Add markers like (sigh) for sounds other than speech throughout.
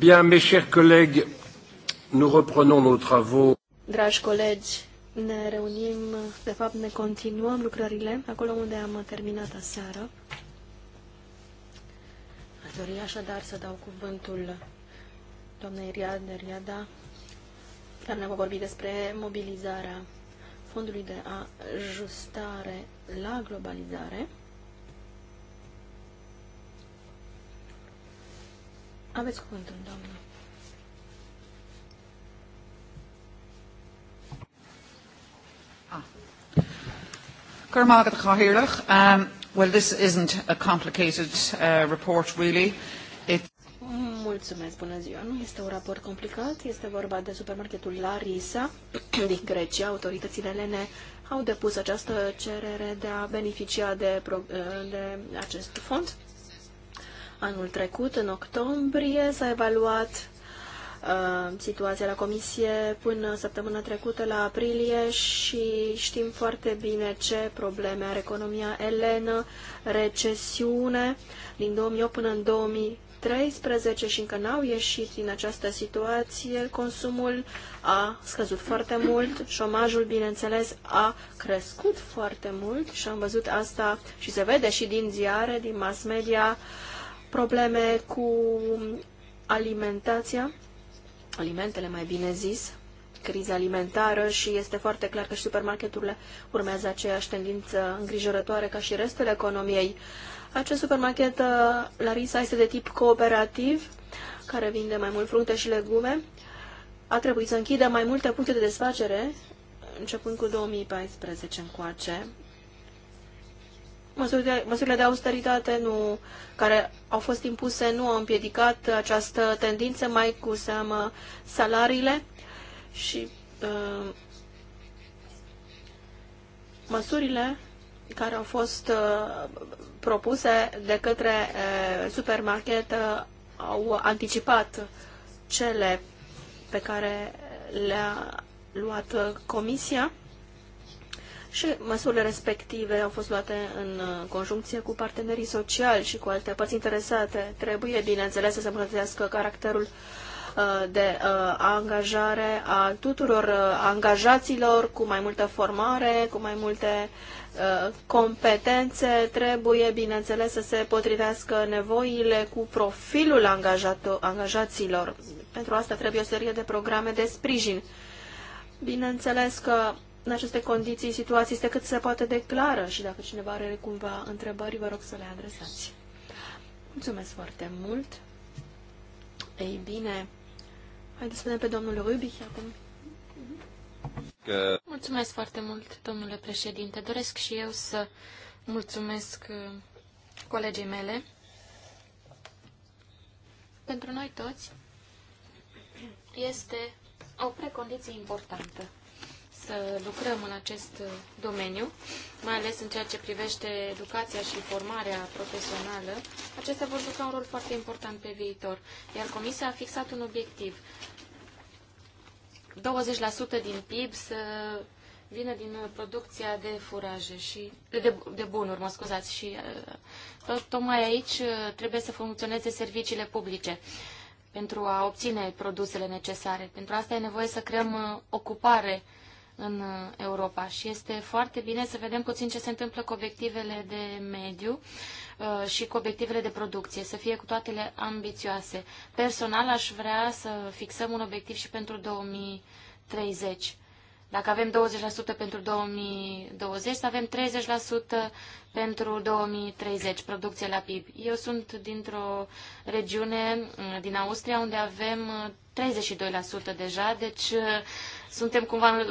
Bien, mes chers collègues, nous reprenons nos travaux. Dragi colegi, ne reunim, de fapt ne continuăm lucrările acolo unde am terminat aseară. Aș dori așadar să dau cuvântul doamnei Riada, Riada, care ne va vorbi despre mobilizarea fondului de ajustare la globalizare. Aveți cuvântul, doamnă. Ah. Kermagat Khahirlach. Um, well, this isn't a complicated uh, report, really. Mulțumesc, bună ziua. Nu este un raport complicat, este vorba de supermarketul Larisa (clears throat) din Grecia. Autoritățile elene au depus această cerere de a beneficia de, de acest fond anul trecut, în octombrie, s-a evaluat uh, situația la comisie până săptămâna trecută, la aprilie, și știm foarte bine ce probleme are economia elenă, recesiune din 2008 până în 2013 și încă n-au ieșit din această situație, consumul a scăzut foarte mult, șomajul, bineînțeles, a crescut foarte mult și am văzut asta și se vede și din ziare, din mass media, uh, probleme cu alimentația, alimentele mai bine zis, criza alimentară și este foarte clar că și supermarketurile urmează aceeași tendință îngrijorătoare ca și restul economiei. Acest supermarket uh, Larisa este de tip cooperativ, care vinde mai mult fructe și legume. A trebuit să închidă mai multe puncte de desfacere, începând cu 2014 încoace, măsurile, măsurile de austeritate nu, care au fost impuse nu au împiedicat această tendință, mai cu seamă salariile și uh, măsurile care au fost uh, propuse de către uh, supermarket uh, au anticipat cele pe care le-a luat uh, comisia și măsurile respective au fost luate în uh, conjuncție cu partenerii sociali și cu alte părți interesate. Trebuie, bineînțeles, să se îmbunătățească caracterul uh, de uh, angajare a tuturor angajaților cu mai multă formare, cu mai multe competențe. Trebuie, bineînțeles, să se potrivească nevoile cu profilul angajaților. Pentru asta trebuie o serie de programe de sprijin. Bineînțeles că în aceste condiții situații este cât se poate de clară și dacă cineva are cumva întrebări, vă rog să le adresați. Mulțumesc foarte mult. Ei bine, haideți să vedem pe domnul Rubic acum. Că... Mulțumesc foarte mult, domnule președinte. Doresc și eu să mulțumesc uh, colegii mele. Pentru noi toți este o precondiție importantă să lucrăm în acest domeniu, mai ales în ceea ce privește educația și formarea profesională, acestea vor juca un rol foarte important pe viitor. Iar Comisia a fixat un obiectiv. 20% din PIB să vină din producția de furaje și de, de bunuri, mă scuzați, și uh, tot, tocmai aici uh, trebuie să funcționeze serviciile publice pentru a obține produsele necesare. Pentru asta e nevoie să creăm uh, ocupare în uh, Europa și este foarte bine să vedem puțin ce se întâmplă cu obiectivele de mediu uh, și cu obiectivele de producție, să fie cu toatele ambițioase. Personal aș vrea să fixăm un obiectiv și pentru 2030. Dacă avem 20% pentru 2020, să avem 30% pentru 2030, producție la PIB. Eu sunt dintr-o regiune uh, din Austria unde avem 32% deja, deci suntem cumva uh,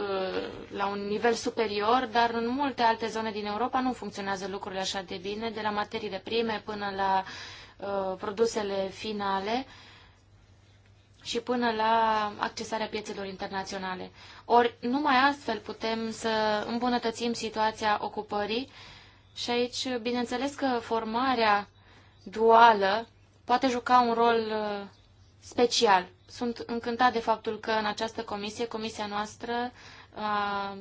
la un nivel superior, dar în multe alte zone din Europa nu funcționează lucrurile așa de bine, de la materiile prime până la uh, produsele finale și până la accesarea piețelor internaționale. Ori numai astfel putem să îmbunătățim situația ocupării și aici, bineînțeles că formarea duală poate juca un rol uh, special. Sunt încântat de faptul că în această comisie, comisia noastră a,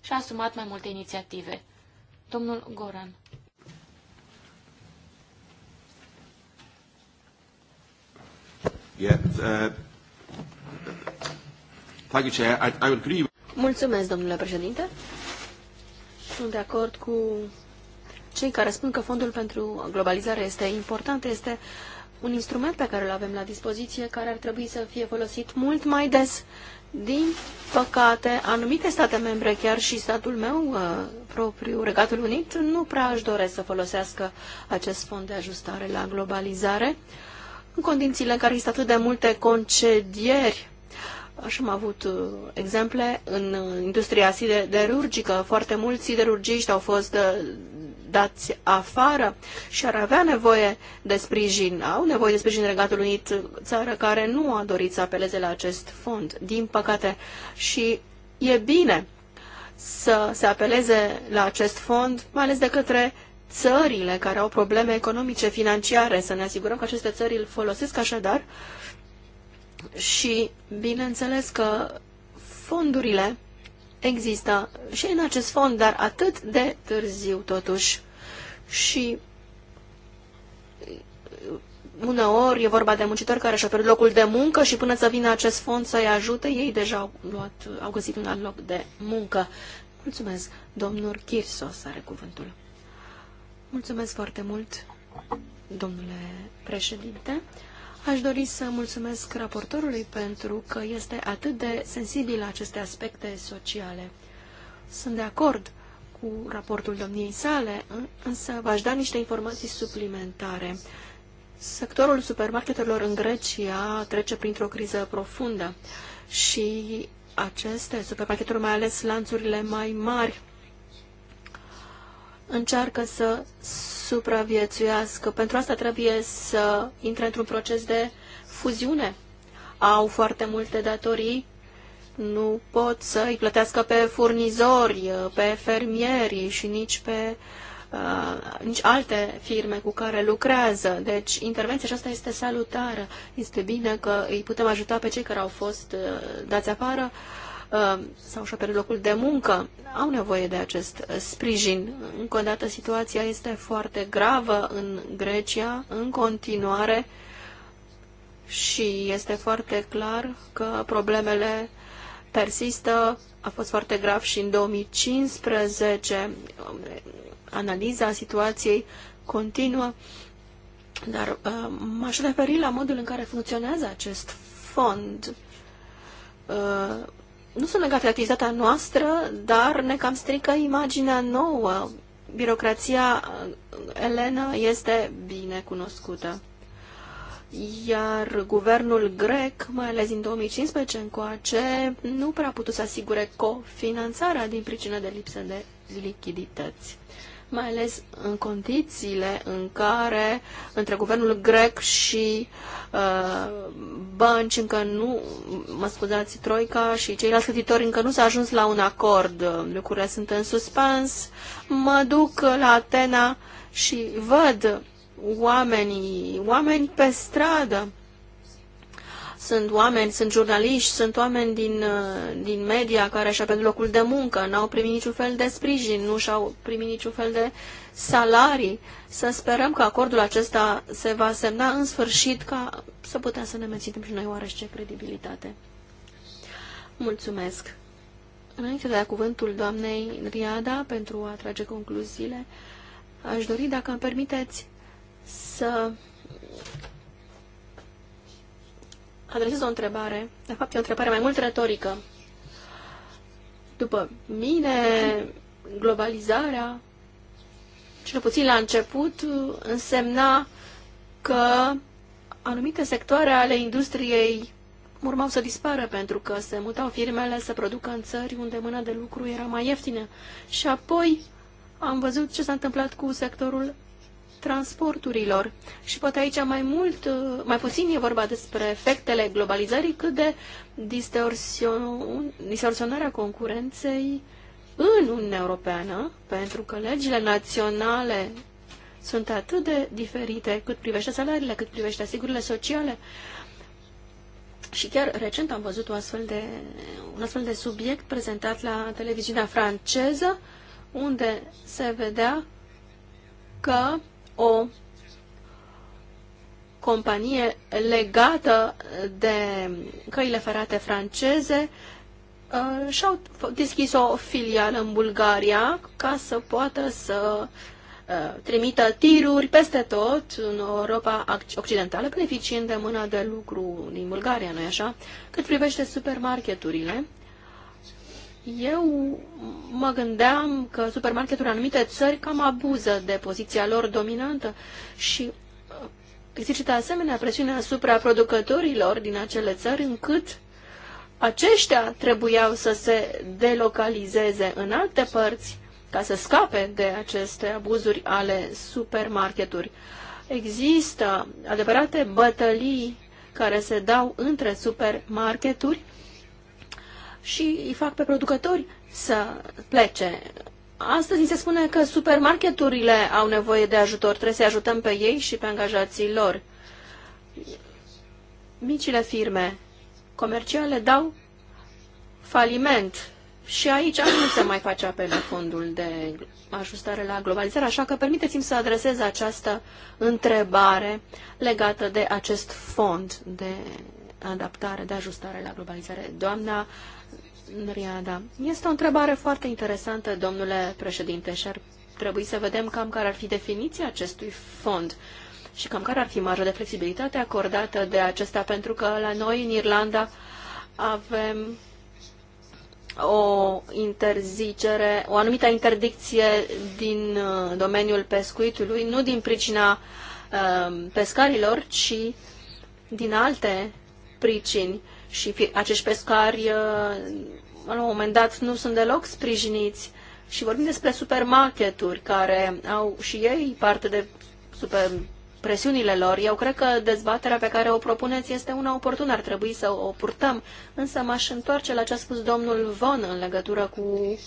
și-a asumat mai multe inițiative. Domnul Goran. Uh, I, agree. Mulțumesc, domnule președinte. Sunt de acord cu cei care spun că fondul pentru globalizare este important, este uh, un instrument pe care îl avem la dispoziție, care ar trebui să fie folosit mult mai des. Din păcate, anumite state membre, chiar și statul meu uh, propriu, Regatul Unit, nu prea își doresc să folosească acest fond de ajustare la globalizare, în condițiile în care există atât de multe concedieri Așa am avut uh, exemple în uh, industria siderurgică. Foarte mulți siderurgiști au fost uh, dați afară și ar avea nevoie de sprijin. Au nevoie de sprijin Regatul Unit, țară care nu a dorit să apeleze la acest fond, din păcate. Și e bine să se apeleze la acest fond, mai ales de către țările care au probleme economice, financiare, să ne asigurăm că aceste țări îl folosesc așadar uh, și bineînțeles că fondurile există și în acest fond, dar atât de târziu totuși. Și uneori e vorba de muncitori care și-au pierdut locul de muncă și până să vină acest fond să-i ajute, ei deja au, luat, au găsit un alt loc de muncă. Mulțumesc. Domnul Chirsos are cuvântul. Mulțumesc foarte mult, domnule președinte. Aș dori să mulțumesc raportorului pentru că este atât de sensibil la aceste aspecte sociale. Sunt de acord cu raportul domniei sale, însă v-aș da niște informații suplimentare. Sectorul supermarketelor în Grecia trece printr-o criză profundă și aceste supermarketuri, mai ales lanțurile mai mari, încearcă să supraviețuiască. Pentru asta trebuie să intre într-un proces de fuziune. Au foarte multe datorii, nu pot să îi plătească pe furnizori, pe fermieri și nici pe uh, nici alte firme cu care lucrează. Deci intervenția aceasta este salutară. Este bine că îi putem ajuta pe cei care au fost uh, dați afară uh, Uh, sau și-au pierdut locul de muncă, au nevoie de acest sprijin. Încă o dată, situația este foarte gravă în Grecia, în continuare, și este foarte clar că problemele persistă. A fost foarte grav și în 2015. Analiza situației continuă, dar uh, m-aș referi la modul în care funcționează acest fond uh, nu sunt legate activitatea noastră, dar ne cam strică imaginea nouă. Birocrația uh, Elena este bine cunoscută. Iar guvernul grec, mai ales din 2015 încoace, nu prea a putut să asigure cofinanțarea din pricină de lipsă de lichidități mai ales în condițiile în care între guvernul grec și uh, bănci încă nu, mă scuzați, Troica și ceilalți creditorii încă nu s-a ajuns la un acord. Lucrurile sunt în suspans. Mă duc la Atena și văd oamenii, oameni pe stradă sunt oameni, sunt jurnaliști, sunt oameni din, uh, din media care și-au pierdut locul de muncă, n-au primit niciun fel de sprijin, nu și-au primit niciun fel de salarii. Să sperăm că acordul acesta se va semna în sfârșit ca să putem să ne menținem și noi ce credibilitate. Mulțumesc! Înainte de a da cuvântul doamnei Riada pentru a trage concluziile, aș dori, dacă îmi permiteți, să adresez o întrebare. De fapt, e o întrebare mai mult retorică. După mine, globalizarea, cel puțin la început, însemna că anumite sectoare ale industriei urmau să dispară pentru că se mutau firmele să producă în țări unde mâna de lucru era mai ieftină. Și apoi am văzut ce s-a întâmplat cu sectorul transporturilor. Și poate aici mai mult, mai puțin e vorba despre efectele globalizării, cât de distorsion, distorsionarea concurenței în Uniunea Europeană, pentru că legile naționale sunt atât de diferite cât privește salariile, cât privește asigurile sociale. Și chiar recent am văzut un astfel de, un astfel de subiect prezentat la televiziunea franceză, unde se vedea că o companie legată de căile ferate franceze uh, și-au deschis o filială în Bulgaria ca să poată să uh, trimită tiruri peste tot în Europa Occidentală, beneficiind de mâna de lucru din Bulgaria, nu-i așa? Cât privește supermarketurile, eu mă gândeam că supermarketuri în anumite țări cam abuză de poziția lor dominantă și uh, exercită asemenea presiune asupra producătorilor din acele țări încât aceștia trebuiau să se delocalizeze în alte părți ca să scape de aceste abuzuri ale supermarketuri. Există adevărate bătălii care se dau între supermarketuri și îi fac pe producători să plece. Astăzi se spune că supermarketurile au nevoie de ajutor, trebuie să-i ajutăm pe ei și pe angajații lor. Micile firme comerciale dau faliment și aici nu se mai face apel la fondul de ajustare la globalizare, așa că permiteți-mi să adresez această întrebare legată de acest fond de adaptare, de ajustare la globalizare. Doamna Riada. Este o întrebare foarte interesantă, domnule președinte, și ar trebui să vedem cam care ar fi definiția acestui fond și cam care ar fi marja de flexibilitate acordată de acesta, pentru că la noi, în Irlanda, avem o interzicere, o anumită interdicție din uh, domeniul pescuitului, nu din pricina uh, pescarilor, ci din alte pricini și acești pescari în uh, un moment dat nu sunt deloc sprijiniți și vorbim despre supermarketuri care au și ei parte de super presiunile lor. Eu cred că dezbaterea pe care o propuneți este una oportună, ar trebui să o purtăm, însă m-aș întoarce la ce a spus domnul Von în legătură cu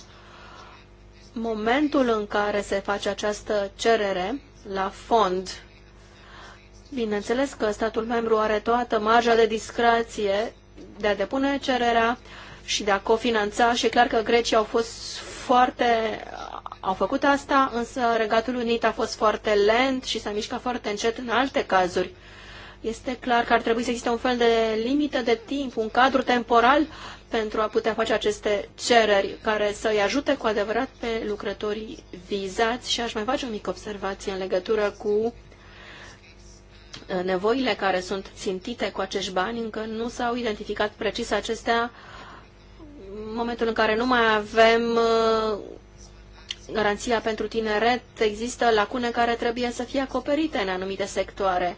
momentul în care se face această cerere la fond. Bineînțeles că statul membru are toată marja de discrație de a depune cererea și de a cofinanța și e clar că grecii au fost foarte, au făcut asta, însă Regatul Unit a fost foarte lent și s-a mișcat foarte încet în alte cazuri. Este clar că ar trebui să existe un fel de limită de timp, un cadru temporal pentru a putea face aceste cereri care să-i ajute cu adevărat pe lucrătorii vizați și aș mai face o mică observație în legătură cu Eh, nevoile care sunt țintite cu acești bani, încă nu s-au identificat precis acestea în momentul în care nu mai avem eh, garanția pentru tineret, există lacune care trebuie să fie acoperite în anumite sectoare.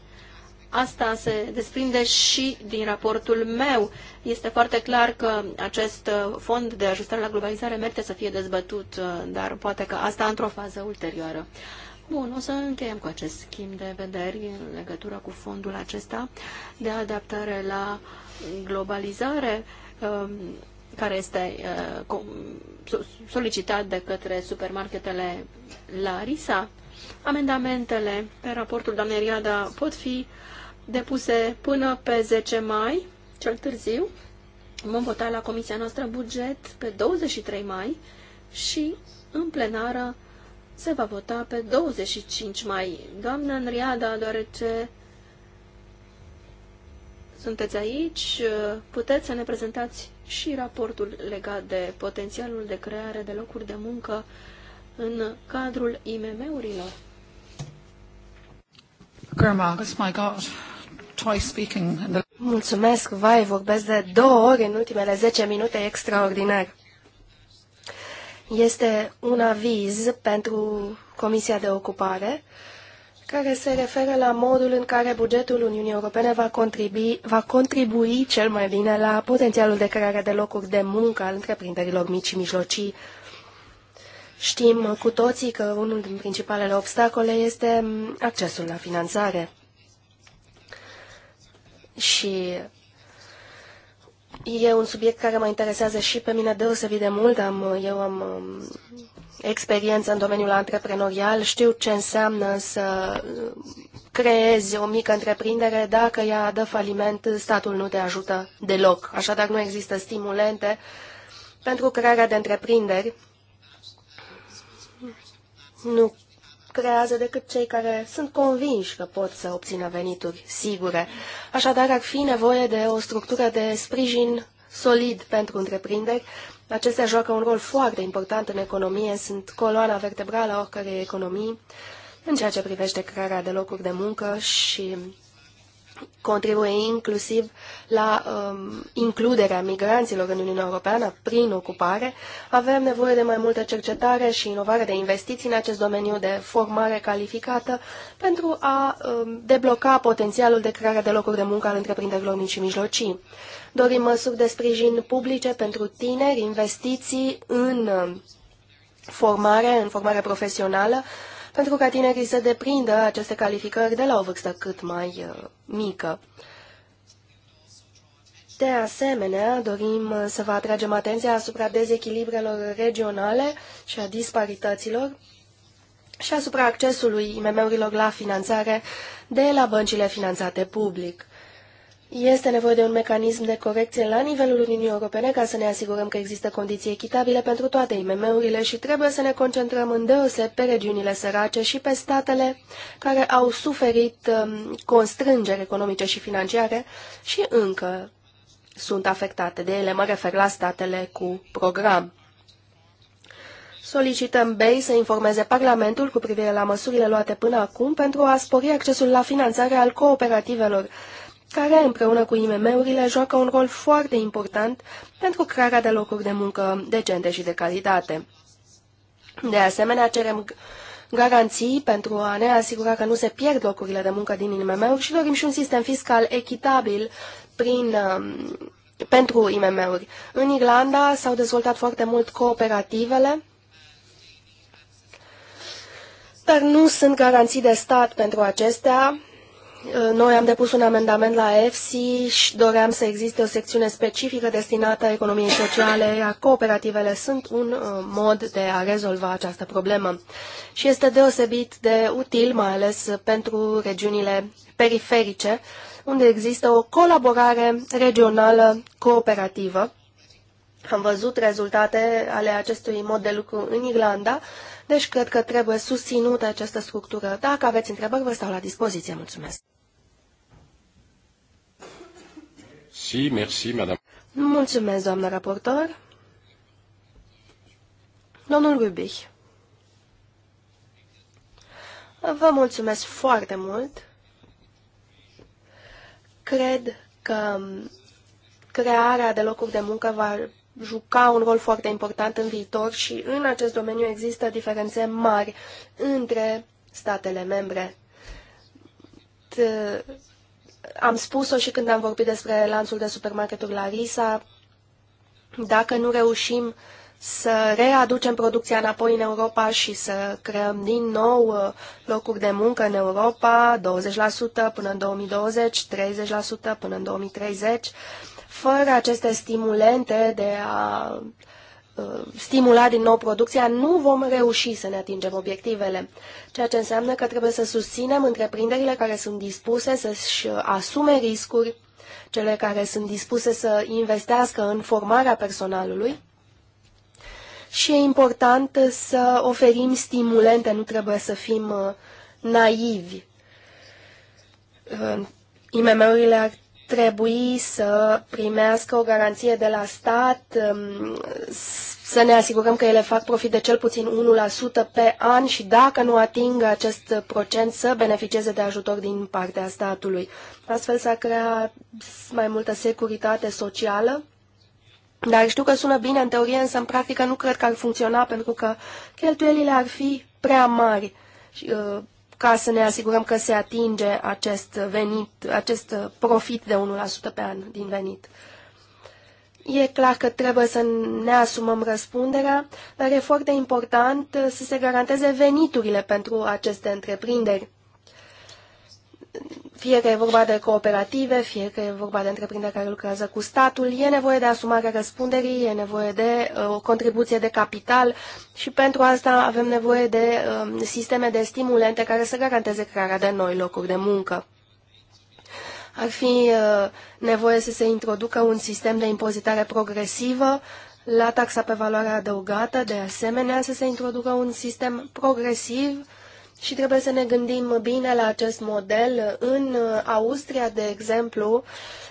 Asta se desprinde și din raportul meu. Este foarte clar că acest eh, fond de ajustare la globalizare merge să fie dezbătut, dar poate că asta într-o fază ulterioară. Bun, o să încheiem cu acest schimb de vederi în legătură cu fondul acesta de adaptare la globalizare um, care este uh, solicitat de către supermarketele Larisa. Amendamentele pe raportul doamnei Riada pot fi depuse până pe 10 mai, cel târziu. Vom vota la Comisia noastră buget pe 23 mai și în plenară se va vota pe 25 mai. Doamnă Înriada, deoarece sunteți aici, puteți să ne prezentați și raportul legat de potențialul de creare de locuri de muncă în cadrul IMM-urilor. Mulțumesc, vai, vorbesc de două ori în ultimele 10 minute extraordinar. Este un aviz pentru Comisia de Ocupare care se referă la modul în care bugetul Uniunii Europene va contribui, va contribui cel mai bine la potențialul de creare de locuri de muncă al întreprinderilor mici și mijlocii. Știm cu toții că unul din principalele obstacole este accesul la finanțare. Și E un subiect care mă interesează și pe mine deosebit de mult. Am, eu am um, experiență în domeniul antreprenorial, știu ce înseamnă să uh, creezi o mică întreprindere, dacă ea dă faliment, statul nu te ajută deloc. Așadar, nu există stimulente pentru crearea de întreprinderi. Nu creează decât cei care sunt convinși că pot să obțină venituri sigure. Așadar, ar fi nevoie de o structură de sprijin solid pentru întreprinderi. Acestea joacă un rol foarte important în economie, sunt coloana vertebrală a oricărei economii în ceea ce privește crearea de locuri de muncă și contribuie inclusiv la um, includerea migranților în Uniunea Europeană prin ocupare. Avem nevoie de mai multă cercetare și inovare de investiții în acest domeniu de formare calificată pentru a um, debloca potențialul de creare de locuri de muncă al întreprinderilor mici și mijlocii. Dorim măsuri de sprijin publice pentru tineri, investiții în um, formare, în formare profesională, uh, pentru ca tinerii să deprindă aceste calificări de la o vârstă cât mai uh, mică. De asemenea, dorim uh, să vă atragem atenția asupra dezechilibrelor regionale și a disparităților și asupra accesului IMM-urilor la finanțare de la băncile finanțate public. Este nevoie de un mecanism de corecție la nivelul Uniunii Europene ca să ne asigurăm că există condiții echitabile pentru toate IMM-urile și trebuie să ne concentrăm îndeoseb pe regiunile sărace și pe statele care au suferit um, constrângeri economice și financiare și încă sunt afectate de ele. Mă refer la statele cu program. Solicităm BEI să informeze Parlamentul cu privire la măsurile luate până acum pentru a spori accesul la finanțare al cooperativelor care, împreună cu IMM-urile, joacă un rol foarte important pentru crearea de locuri de muncă decente și de calitate. De asemenea, cerem garanții pentru a ne asigura că nu se pierd locurile de muncă din IMM-uri și dorim și un sistem fiscal echitabil prin, um, pentru IMM-uri. În Irlanda s-au dezvoltat foarte mult cooperativele, dar nu sunt garanții de stat pentru acestea Uh, noi am depus un amendament la EFSI și doream să existe o secțiune specifică destinată economiei sociale, iar cooperativele sunt un uh, mod de a rezolva această problemă. Și este deosebit de util, mai ales pentru regiunile periferice, unde există o colaborare regională cooperativă. Am văzut rezultate ale acestui mod de lucru în Irlanda, deci cred că trebuie susținută această structură. Dacă aveți întrebări, vă stau la dispoziție. Mulțumesc! Si, merci, madame. Mulțumesc, doamnă raportor. Domnul Rubic. Vă mulțumesc foarte mult. Cred că crearea de locuri de muncă va juca un rol foarte important în viitor și în acest domeniu există diferențe mari între statele membre am spus-o și când am vorbit despre lanțul de supermarketuri la RISA, dacă nu reușim să readucem producția înapoi în Europa și să creăm din nou uh, locuri de muncă în Europa, 20% până în 2020, 30% până în 2030, fără aceste stimulente de a Uh, stimula din nou producția, nu vom reuși să ne atingem obiectivele, ceea ce înseamnă că trebuie să susținem întreprinderile care sunt dispuse să-și uh, asume riscuri, cele care sunt dispuse să investească în formarea personalului și e important să oferim stimulente, nu trebuie să fim uh, naivi. IMM-urile ar trebui să primească o garanție de la stat, um, să ne asigurăm că ele fac profit de cel puțin 1% pe an și dacă nu atingă acest procent să beneficieze de ajutor din partea statului. Astfel s-a creat mai multă securitate socială. Dar știu că sună bine în teorie, însă în practică nu cred că ar funcționa pentru că cheltuielile ar fi prea mari. Și, uh, ca să ne asigurăm că se atinge acest venit, acest profit de 1% pe an din venit. E clar că trebuie să ne asumăm răspunderea, dar e foarte important să se garanteze veniturile pentru aceste întreprinderi fie că e vorba de cooperative, fie că e vorba de întreprinderi care lucrează cu statul, e nevoie de asumarea răspunderii, e nevoie de uh, o contribuție de capital și pentru asta avem nevoie de uh, sisteme de stimulente care să garanteze crearea de noi locuri de muncă. Ar fi uh, nevoie să se introducă un sistem de impozitare progresivă la taxa pe valoare adăugată, de asemenea să se introducă un sistem progresiv și trebuie să ne gândim bine la acest model. În uh, Austria, de exemplu,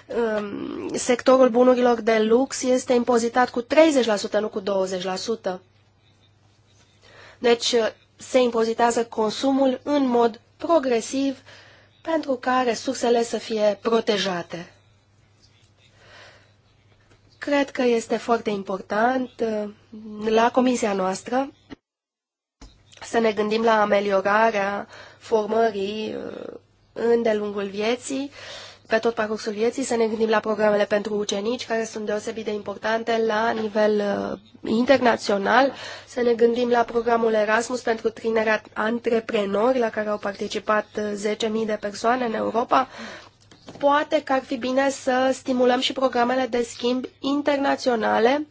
um, sectorul bunurilor de lux este impozitat cu 30%, nu cu 20%. Deci uh, se impozitează consumul în mod progresiv pentru ca resursele să fie protejate. Cred că este foarte important uh, la comisia noastră să ne gândim la ameliorarea formării uh, în de lungul vieții, pe tot parcursul vieții, să ne gândim la programele pentru ucenici, care sunt deosebit de importante la nivel uh, internațional, să ne gândim la programul Erasmus pentru trinerea antreprenori, la care au participat 10.000 uh, de persoane în Europa. Poate că ar fi bine să stimulăm și programele de schimb internaționale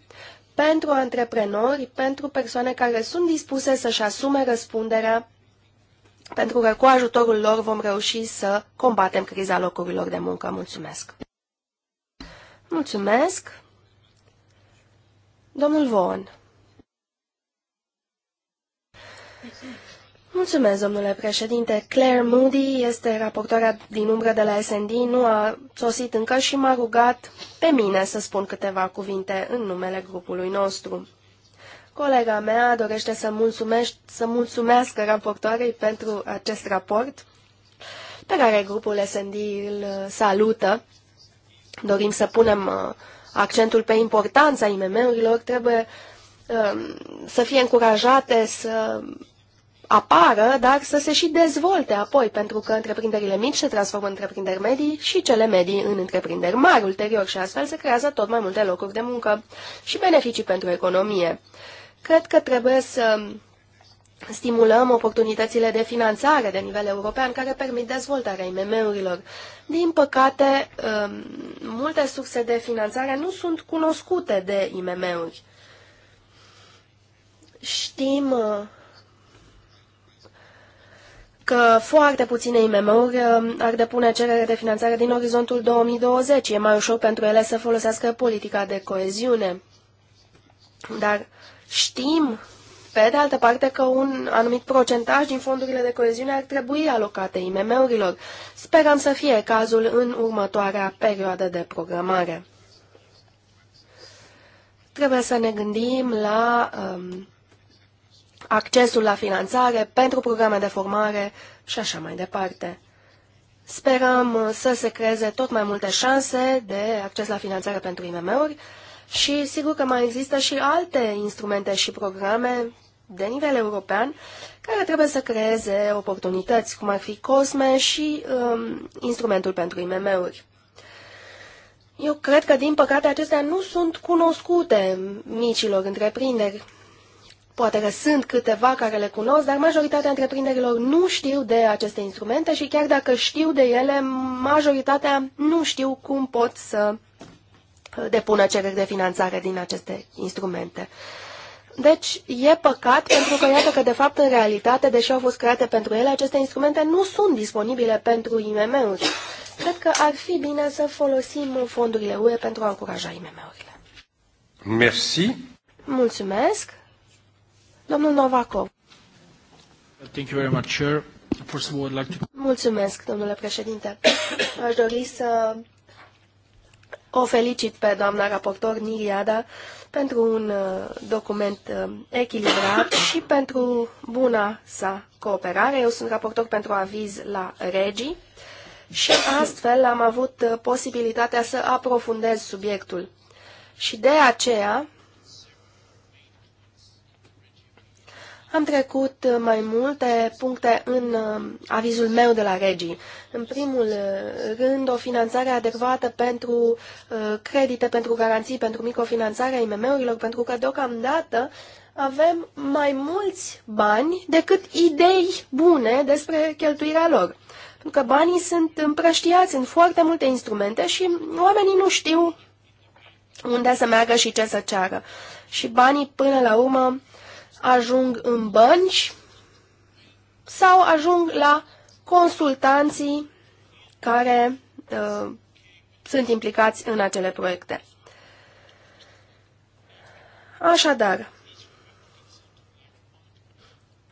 pentru antreprenori, pentru persoane care sunt dispuse să-și asume răspunderea, pentru că cu ajutorul lor vom reuși să combatem criza locurilor de muncă. Mulțumesc! Mulțumesc! Domnul Vaughan. Mulțumesc, domnule președinte. Claire Moody este raportoarea din umbră de la SND, nu a sosit încă și m-a rugat pe mine să spun câteva cuvinte în numele grupului nostru. Colega mea dorește să, să mulțumească raportoarei pentru acest raport, pe care grupul SND îl salută. Dorim să punem uh, accentul pe importanța IMM-urilor, trebuie um, să fie încurajate să apară, dar să se și dezvolte apoi, pentru că întreprinderile mici se transformă în întreprinderi medii și cele medii în întreprinderi mari ulterior și astfel se creează tot mai multe locuri de muncă și beneficii pentru economie. Cred că trebuie să Stimulăm oportunitățile de finanțare de nivel european care permit dezvoltarea IMM-urilor. Din păcate, um, multe surse de finanțare nu sunt cunoscute de IMM-uri. Știm uh, că foarte puține IMM-uri um, ar depune cerere de finanțare din orizontul 2020. E mai ușor pentru ele să folosească politica de coeziune. Dar știm, pe de altă parte, că un anumit procentaj din fondurile de coeziune ar trebui alocate IMM-urilor. Sperăm să fie cazul în următoarea perioadă de programare. Trebuie să ne gândim la... Um, accesul la finanțare, pentru programe de formare și așa mai departe. Sperăm uh, să se creeze tot mai multe șanse de acces la finanțare pentru IMM-uri și sigur că mai există și alte instrumente și programe de nivel european care trebuie să creeze oportunități, cum ar fi COSME și um, instrumentul pentru IMM-uri. Eu cred că, din păcate, acestea nu sunt cunoscute micilor întreprinderi Poate că sunt câteva care le cunosc, dar majoritatea întreprinderilor nu știu de aceste instrumente și chiar dacă știu de ele, majoritatea nu știu cum pot să uh, depună cereri de finanțare din aceste instrumente. Deci, e păcat pentru că, iată că, de fapt, în realitate, deși au fost create pentru ele, aceste instrumente nu sunt disponibile pentru IMM-uri. Cred că ar fi bine să folosim fondurile UE pentru a încuraja IMM-urile. Merci. Mulțumesc. Domnul Novakov. Thank you very much, Chair. First of all, I'd like to... Mulțumesc, domnule președinte. Aș dori să o felicit pe doamna raportor Niriada pentru un uh, document uh, echilibrat și pentru buna sa cooperare. Eu sunt raportor pentru aviz la Regi și astfel am avut uh, posibilitatea să aprofundez subiectul. Și de aceea Am trecut uh, mai multe puncte în uh, avizul meu de la regii. În primul uh, rând, o finanțare adecvată pentru credite, pentru garanții, pentru microfinanțarea IMM-urilor, pentru că deocamdată avem mai mulți bani decât idei bune despre cheltuirea lor. Pentru că banii sunt împrăștiați în foarte multe instrumente și oamenii nu știu unde să meargă și ce să ceară. Și banii, până la urmă, ajung în bănci sau ajung la consultanții care uh, sunt implicați în acele proiecte. Așadar,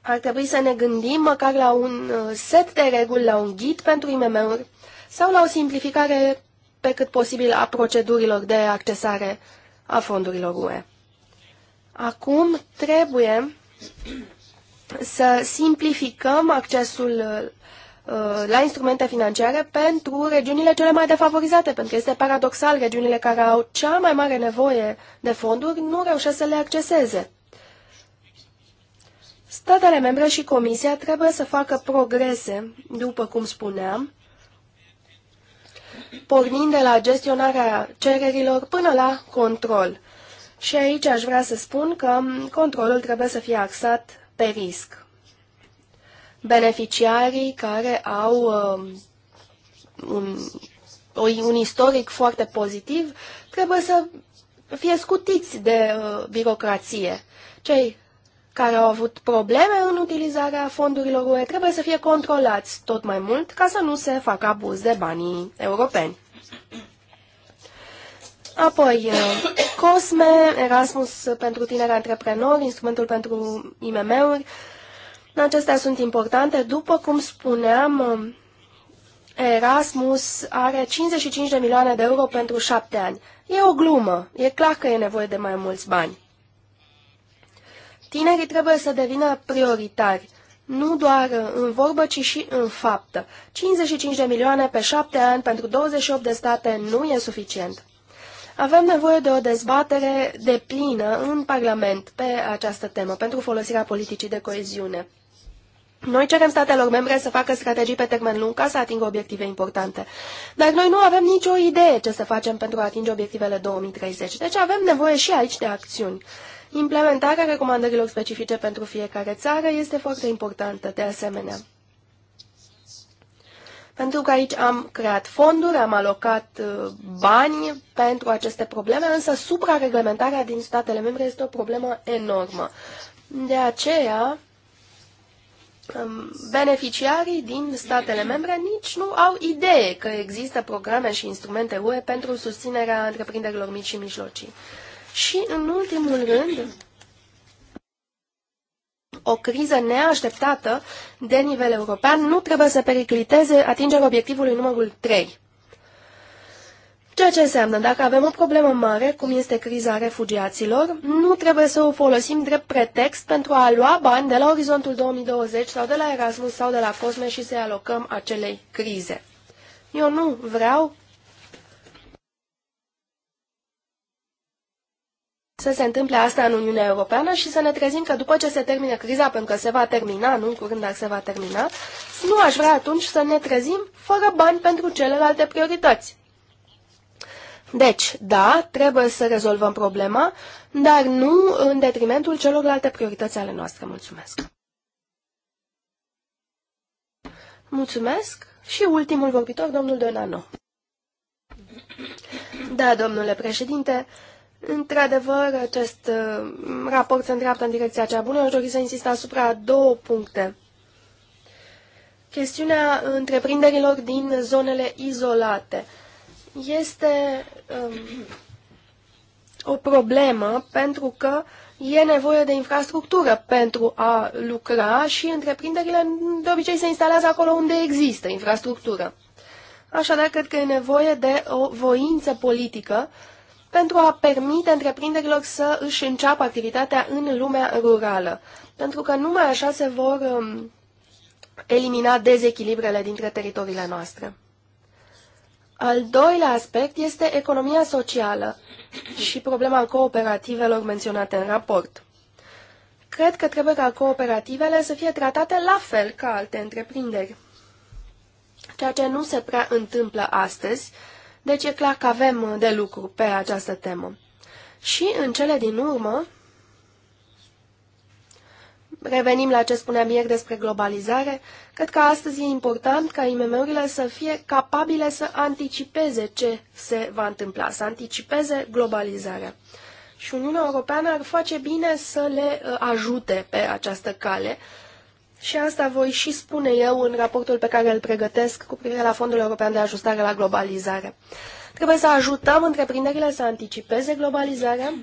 ar trebui să ne gândim măcar la un uh, set de reguli, la un ghid pentru IMM-uri sau la o simplificare pe cât posibil a procedurilor de accesare a fondurilor UE. Acum trebuie să simplificăm accesul uh, la instrumente financiare pentru regiunile cele mai defavorizate, pentru că este paradoxal, regiunile care au cea mai mare nevoie de fonduri nu reușesc să le acceseze. Statele membre și Comisia trebuie să facă progrese, după cum spuneam, pornind de la gestionarea cererilor până la control. Și aici aș vrea să spun că controlul trebuie să fie axat pe risc. Beneficiarii care au um, un, un istoric foarte pozitiv trebuie să fie scutiți de uh, birocrație. Cei care au avut probleme în utilizarea fondurilor UE trebuie să fie controlați tot mai mult ca să nu se facă abuz de banii europeni. Apoi, uh, COSME, Erasmus pentru tineri antreprenori, instrumentul pentru IMM-uri. Acestea sunt importante. După cum spuneam, uh, Erasmus are 55 de milioane de euro pentru șapte ani. E o glumă. E clar că e nevoie de mai mulți bani. Tinerii trebuie să devină prioritari, nu doar în vorbă, ci și în faptă. 55 de milioane pe șapte ani pentru 28 de state nu e suficient. Avem nevoie de o dezbatere deplină în Parlament pe această temă pentru folosirea politicii de coeziune. Noi cerem statelor membre să facă strategii pe termen lung ca să atingă obiective importante. Dar noi nu avem nicio idee ce să facem pentru a atinge obiectivele 2030, deci avem nevoie și aici de acțiuni. Implementarea recomandărilor specifice pentru fiecare țară este foarte importantă, de asemenea pentru că aici am creat fonduri, am alocat uh, bani pentru aceste probleme, însă suprareglementarea din statele membre este o problemă enormă. De aceea, um, beneficiarii din statele membre nici nu au idee că există programe și instrumente UE pentru susținerea întreprinderilor mici și mijlocii. Și, în ultimul rând, o criză neașteptată de nivel european nu trebuie să pericliteze atingerea obiectivului numărul 3. Ceea ce înseamnă, dacă avem o problemă mare, cum este criza refugiaților, nu trebuie să o folosim drept pretext pentru a lua bani de la Orizontul 2020 sau de la Erasmus sau de la Cosme și să-i alocăm acelei crize. Eu nu vreau să se întâmple asta în Uniunea Europeană și să ne trezim că după ce se termine criza, pentru că se va termina, nu în curând, dar se va termina, nu aș vrea atunci să ne trezim fără bani pentru celelalte priorități. Deci, da, trebuie să rezolvăm problema, dar nu în detrimentul celorlalte priorități ale noastre. Mulțumesc! Mulțumesc! Și ultimul vorbitor, domnul Donano. Da, domnule președinte, Într-adevăr, acest uh, raport se îndreaptă în direcția cea bună. Aș dori să insist asupra două puncte. Chestiunea întreprinderilor din zonele izolate este um, o problemă pentru că e nevoie de infrastructură pentru a lucra și întreprinderile de obicei se instalează acolo unde există infrastructură. Așadar, cred că e nevoie de o voință politică uh, pentru a permite întreprinderilor să își înceapă activitatea în lumea rurală, pentru că numai așa se vor um, elimina dezechilibrele dintre teritoriile noastre. Al doilea aspect este economia socială și problema cooperativelor menționate în raport. Cred că trebuie ca cooperativele să fie tratate la fel ca alte întreprinderi, ceea ce nu se prea întâmplă astăzi, deci e clar că avem de lucru pe această temă. Și în cele din urmă, revenim la ce spuneam ieri despre globalizare, cred că astăzi e important ca IMM-urile să fie capabile să anticipeze ce se va întâmpla, să anticipeze globalizarea. Și Uniunea Europeană ar face bine să le uh, ajute pe această cale, și asta voi și spune eu în raportul pe care îl pregătesc cu privire la Fondul European de Ajustare la Globalizare. Trebuie să ajutăm întreprinderile să anticipeze globalizarea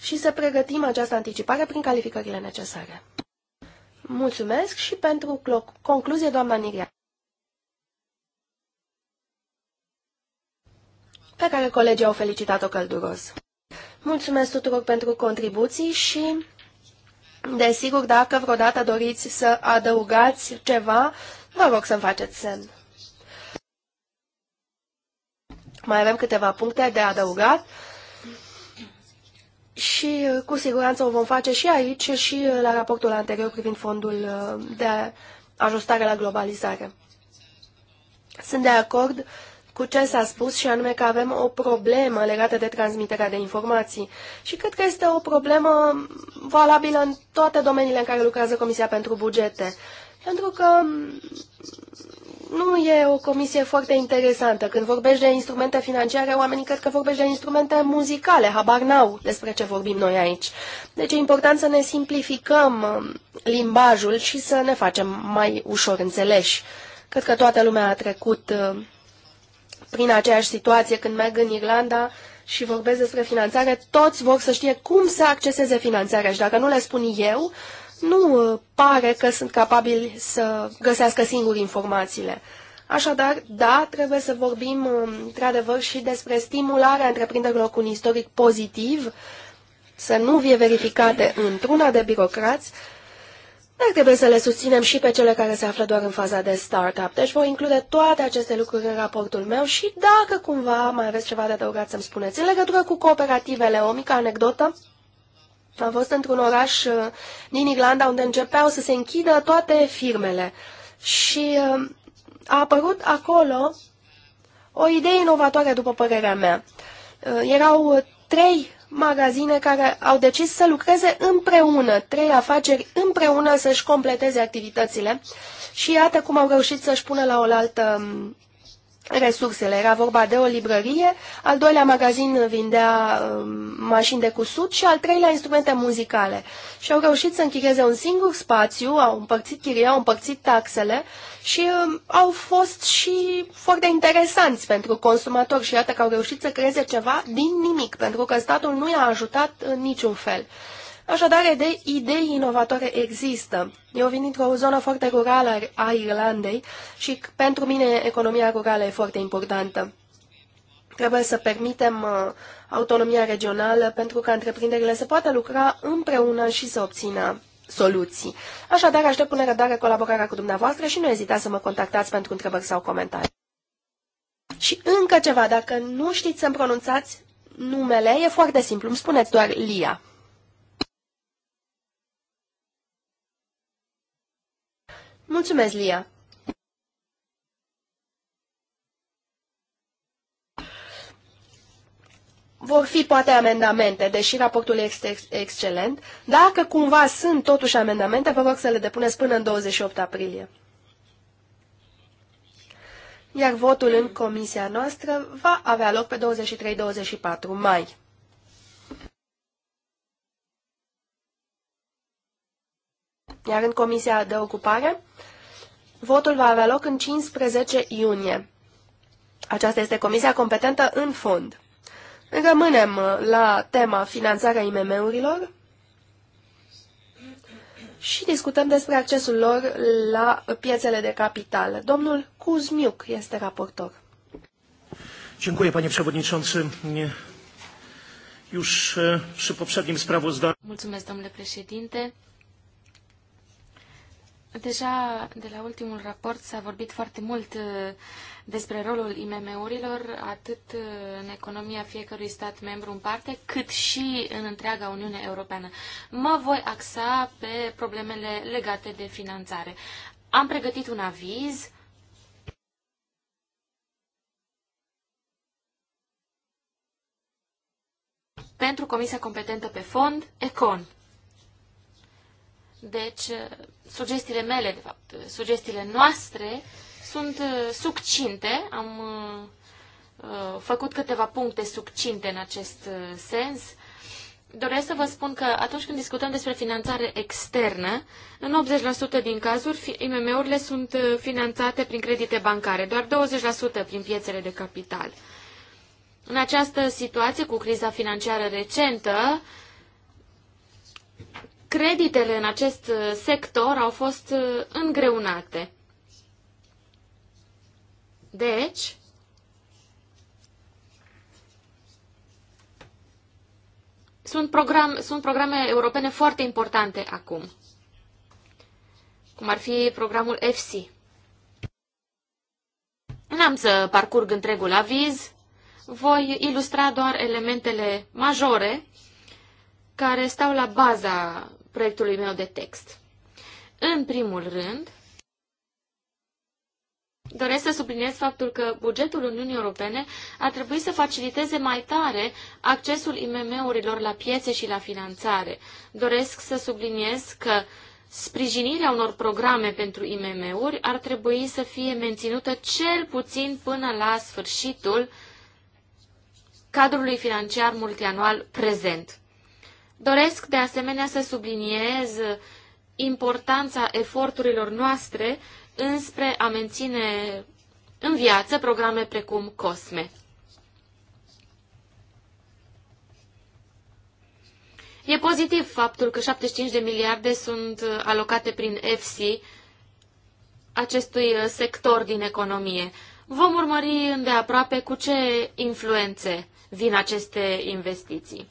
și să pregătim această anticipare prin calificările necesare. Mulțumesc și pentru concluzie, doamna Niria, pe care colegii au felicitat-o călduros. Mulțumesc tuturor pentru contribuții și Desigur, dacă vreodată doriți să adăugați ceva, vă rog să-mi faceți semn. Mai avem câteva puncte de adăugat și cu siguranță o vom face și aici și la raportul anterior privind fondul uh, de ajustare la globalizare. Sunt de acord cu ce s-a spus și anume că avem o problemă legată de transmiterea de informații. Și cred că este o problemă valabilă în toate domeniile în care lucrează Comisia pentru Bugete. Pentru că nu e o comisie foarte interesantă. Când vorbești de instrumente financiare, oamenii cred că vorbești de instrumente muzicale, habar n-au despre ce vorbim noi aici. Deci e important să ne simplificăm um, limbajul și să ne facem mai ușor înțeleși. Cred că toată lumea a trecut um, prin aceeași situație când merg în Irlanda și vorbesc despre finanțare, toți vor să știe cum să acceseze finanțarea și dacă nu le spun eu, nu uh, pare că sunt capabili să găsească singuri informațiile. Așadar, da, trebuie să vorbim uh, într-adevăr și despre stimularea întreprinderilor cu un istoric pozitiv, să nu fie verificate într-una de birocrați, dar trebuie să le susținem și pe cele care se află doar în faza de startup. Deci voi include toate aceste lucruri în raportul meu și dacă cumva mai aveți ceva de adăugat să-mi spuneți. În legătură cu cooperativele, o mică anecdotă. Am fost într-un oraș uh, din Irlanda unde începeau să se închidă toate firmele și uh, a apărut acolo o idee inovatoare, după părerea mea. Uh, erau trei magazine care au decis să lucreze împreună, trei afaceri împreună să-și completeze activitățile și iată cum au reușit să-și pună la oaltă um, resursele. Era vorba de o librărie, al doilea magazin vindea um, mașini de cusut și al treilea instrumente muzicale. Și au reușit să închireze un singur spațiu, au împărțit chiria, au împărțit taxele și um, au fost și foarte interesanți pentru consumatori și iată că au reușit să creeze ceva din nimic, pentru că statul nu i-a ajutat în niciun fel. Așadar, idei inovatoare există. Eu vin dintr-o zonă foarte rurală a Irlandei și pentru mine economia rurală e foarte importantă. Trebuie să permitem uh, autonomia regională pentru ca întreprinderile să poată lucra împreună și să obțină soluții. Așadar, aștept cu nerăbdare colaborarea cu dumneavoastră și nu ezitați să mă contactați pentru întrebări sau comentarii. Și încă ceva, dacă nu știți să-mi pronunțați numele, e foarte simplu, îmi spuneți doar Lia. Mulțumesc, Lia! Vor fi poate amendamente, deși raportul este ex excelent. Dacă cumva sunt totuși amendamente, vă rog să le depuneți până în 28 aprilie. Iar votul în comisia noastră va avea loc pe 23-24 mai. Iar în Comisia de Ocupare, votul va avea loc în 15 iunie. Aceasta este comisia competentă în fond. Rămânem uh, la tema finanțarea IMM-urilor și discutăm despre accesul lor la piețele de capital. Domnul Kuzmiuc este raportor. Dziękuję, panie przewodniczący. Już przy poprzednim sprawozdaniu. Mulțumesc, domnule președinte. Deja de la ultimul raport s-a vorbit foarte mult uh, despre rolul IMM-urilor, atât uh, în economia fiecărui stat membru în parte, cât și în întreaga Uniune Europeană. Mă voi axa pe problemele legate de finanțare. Am pregătit un aviz. pentru Comisia Competentă pe Fond, ECON. Deci, eh, sugestiile mele, de fapt, eh, sugestiile noastre sunt eh, succinte. Am făcut câteva puncte succinte în acest sens. Doresc să vă spun că atunci când discutăm despre finanțare externă, în 80% din cazuri IMM-urile sunt finanțate prin credite bancare, doar 20% prin piețele de capital. În această situație, cu criza financiară recentă, creditele în acest uh, sector au fost uh, îngreunate. Deci, sunt, program, sunt programe europene foarte importante acum, cum ar fi programul FC. N-am să parcurg întregul aviz, voi ilustra doar elementele majore care stau la baza proiectului meu de text. În primul rând, doresc să subliniez faptul că bugetul Uniunii Europene ar trebui să faciliteze mai tare accesul IMM-urilor la piețe și la finanțare. Doresc să subliniez că sprijinirea unor programe pentru IMM-uri ar trebui să fie menținută cel puțin până la sfârșitul cadrului financiar multianual prezent. Doresc de asemenea să subliniez importanța eforturilor noastre înspre a menține în viață programe precum COSME. E pozitiv faptul că 75 de miliarde sunt alocate prin EFSI acestui uh, sector din economie. Vom urmări îndeaproape cu ce influențe vin aceste investiții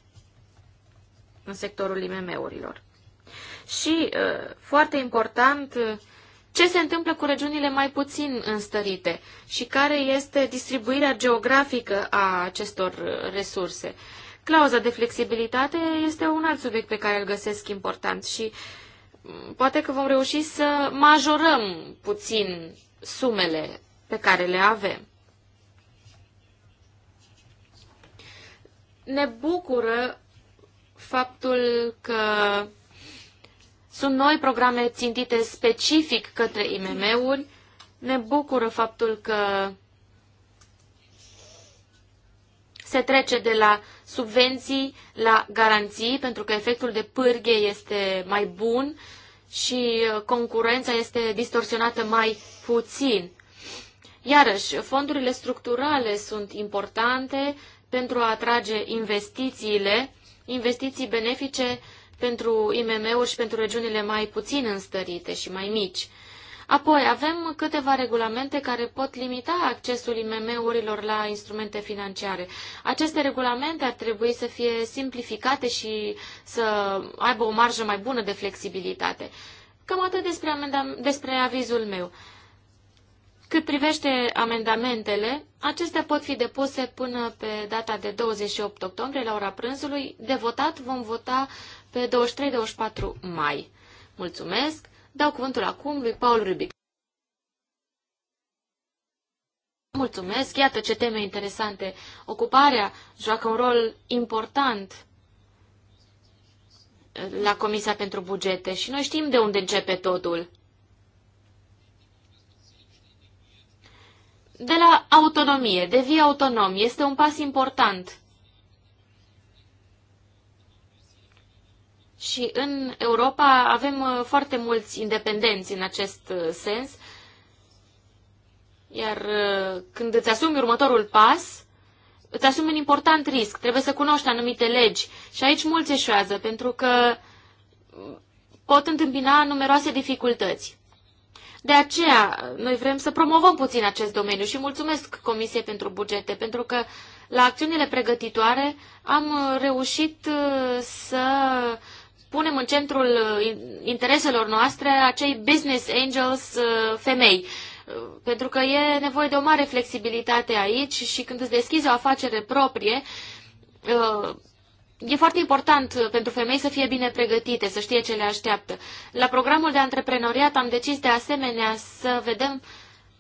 în sectorul IMM-urilor. Și, uh, foarte important, uh, ce se întâmplă cu regiunile mai puțin înstărite și care este distribuirea geografică a acestor uh, resurse. Clauza de flexibilitate este un alt subiect pe care îl găsesc important și mm, poate că vom reuși să majorăm puțin sumele pe care le avem. Ne bucură faptul că sunt noi programe țintite specific către IMM-uri. Ne bucură faptul că se trece de la subvenții la garanții, pentru că efectul de pârghie este mai bun și concurența este distorsionată mai puțin. Iarăși, fondurile structurale sunt importante pentru a atrage investițiile investiții benefice pentru IMM-uri și pentru regiunile mai puțin înstărite și mai mici. Apoi, avem câteva regulamente care pot limita accesul IMM-urilor la instrumente financiare. Aceste regulamente ar trebui să fie simplificate și să aibă o marjă mai bună de flexibilitate. Cam atât despre, amendam, despre avizul meu. Cât privește amendamentele, acestea pot fi depuse până pe data de 28 octombrie la ora prânzului. De votat vom vota pe 23-24 mai. Mulțumesc! Dau cuvântul acum lui Paul Rubic. Mulțumesc! Iată ce teme interesante. Ocuparea joacă un rol important la Comisia pentru Bugete și noi știm de unde începe totul. de la autonomie, devii autonom. Este un pas important. Și în Europa avem uh, foarte mulți independenți în acest uh, sens. Iar uh, când îți asumi următorul pas, îți asumi un important risc. Trebuie să cunoști anumite legi. Și aici mulți eșuează, pentru că pot întâmpina numeroase dificultăți. De aceea, noi vrem să promovăm puțin acest domeniu și mulțumesc Comisiei pentru bugete, pentru că la acțiunile pregătitoare am reușit uh, să punem în centrul uh, intereselor noastre acei business angels uh, femei. Pentru că e nevoie de o mare flexibilitate aici și când îți deschizi o afacere proprie, E foarte important pentru femei să fie bine pregătite, să știe ce le așteaptă. La programul de antreprenoriat am decis de asemenea să vedem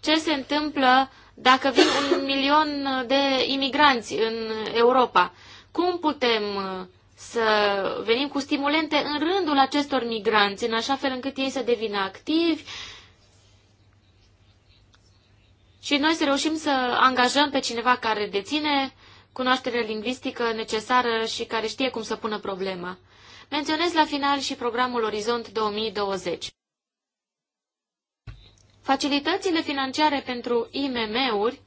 ce se întâmplă dacă vin un milion de imigranți în Europa. Cum putem uh, să venim cu stimulente în rândul acestor migranți, în așa fel încât ei să devină activi și noi să reușim să angajăm pe cineva care deține cunoaștere lingvistică necesară și care știe cum să pună problema. Menționez la final și programul Orizont 2020. Facilitățile financiare pentru IMM-uri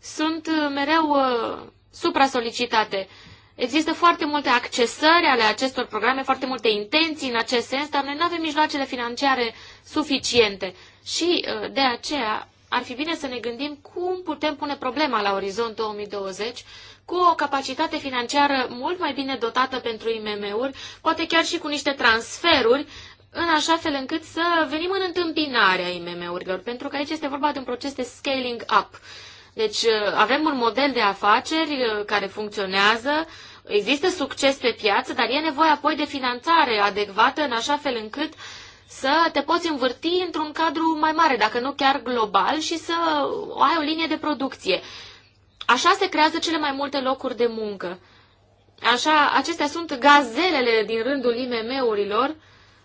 sunt uh, mereu uh, supra-solicitate. Există foarte multe accesări ale acestor programe, foarte multe intenții în acest sens, dar noi nu avem mijloacele financiare suficiente. Și uh, de aceea ar fi bine să ne gândim cum putem pune problema la orizont 2020 cu o capacitate financiară mult mai bine dotată pentru IMM-uri, poate chiar și cu niște transferuri, în așa fel încât să venim în întâmpinarea IMM-urilor, pentru că aici este vorba de un proces de scaling up. Deci uh, avem un model de afaceri uh, care funcționează, există succes pe piață, dar e nevoie apoi de finanțare adecvată în așa fel încât uh, să te poți învârti într-un cadru mai mare, dacă nu chiar global, și să ai o linie de producție. Așa se creează cele mai multe locuri de muncă. Așa, acestea sunt gazelele din rândul IMM-urilor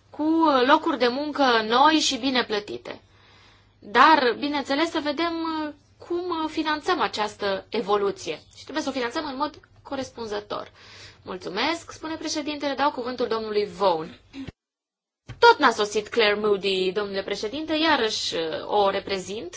cu locuri de muncă noi și bine plătite. Dar, bineînțeles, să vedem uh, cum finanțăm această evoluție. Și trebuie să o finanțăm în mod corespunzător. Mulțumesc, spune președintele, dau cuvântul domnului Vaughan. Tot n-a sosit Claire Moody, domnule președinte, iarăși uh, o reprezint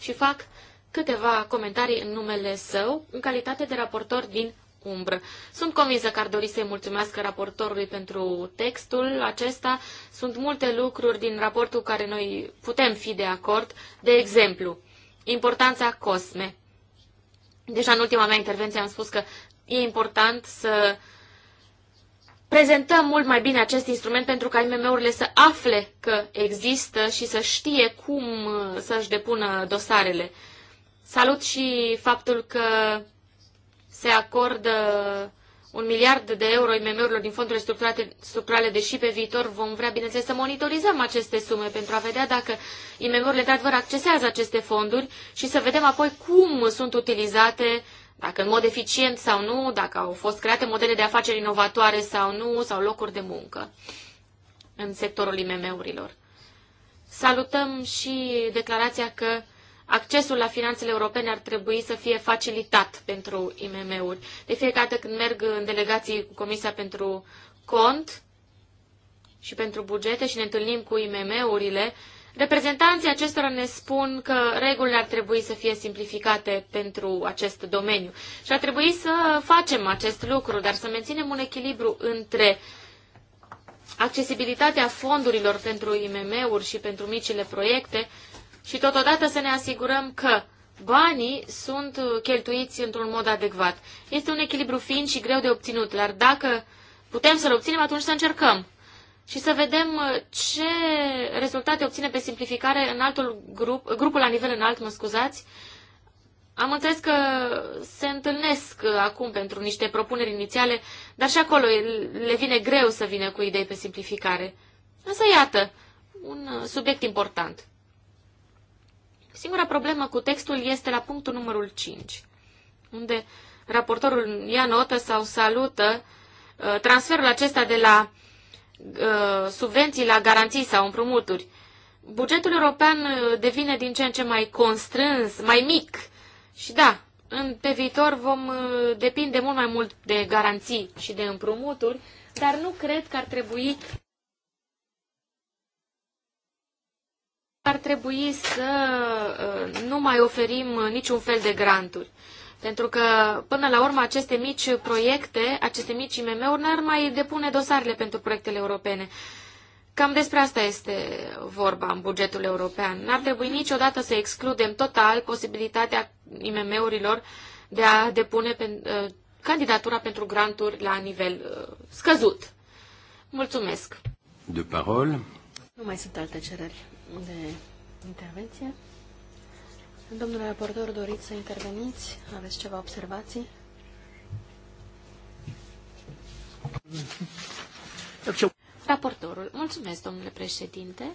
și fac câteva comentarii în numele său, în calitate de raportor din umbră. Sunt convinsă că ar dori să-i mulțumească raportorului pentru textul acesta. Sunt multe lucruri din raportul care noi putem fi de acord. De exemplu, importanța COSME. Deja în ultima mea intervenție am spus că e important să uh, prezentăm mult mai bine acest instrument pentru ca IMM-urile să afle că există și să știe cum uh, să-și depună dosarele. Salut și faptul că se acordă un miliard de euro IMM-urilor din fondurile structurate, structurale, deși pe viitor vom vrea, bineînțeles, să monitorizăm aceste sume pentru a vedea dacă IMM-urile, de adevăr accesează aceste fonduri și să vedem apoi cum sunt utilizate dacă în mod eficient sau nu, dacă au fost create modele de afaceri inovatoare sau nu, sau locuri de muncă în sectorul IMM-urilor. Salutăm și declarația că accesul la finanțele europene ar trebui să fie facilitat pentru IMM-uri. De fiecare dată când merg în delegații cu Comisia pentru Cont și pentru bugete și ne întâlnim cu IMM-urile, Reprezentanții acestora ne spun că regulile ar trebui să fie simplificate pentru acest domeniu și ar trebui să facem acest lucru, dar să menținem un echilibru între accesibilitatea fondurilor pentru IMM-uri și pentru micile proiecte și totodată să ne asigurăm că banii sunt cheltuiți într-un mod adecvat. Este un echilibru fin și greu de obținut, dar dacă putem să-l obținem, atunci să încercăm și să vedem uh, ce rezultate obține pe simplificare în altul grup, grupul la nivel înalt, mă scuzați. Am înțeles că se întâlnesc uh, acum pentru niște propuneri inițiale, dar și acolo le vine greu să vină cu idei pe simplificare. Însă iată, un uh, subiect important. Singura problemă cu textul este la punctul numărul 5, unde raportorul ia notă sau salută transferul acesta de la uh, Uh, subvenții la garanții sau împrumuturi. Bugetul european uh, devine din ce în ce mai constrâns, mai mic și da, în, pe viitor vom uh, depinde mult mai mult de garanții și de împrumuturi, dar nu cred că ar trebui ar trebui să nu mai oferim niciun fel de granturi. Pentru că, până la urmă, aceste mici proiecte, aceste mici IMM-uri n-ar mai depune dosarele pentru proiectele europene. Cam despre asta este vorba în bugetul european. N-ar trebui niciodată să excludem total posibilitatea IMM-urilor de a depune pe, uh, candidatura pentru granturi la nivel uh, scăzut. Mulțumesc! De parol. Nu mai sunt alte cereri de intervenție. Domnule raportor, doriți să interveniți? Aveți ceva observații? Raportorul, mulțumesc, domnule președinte.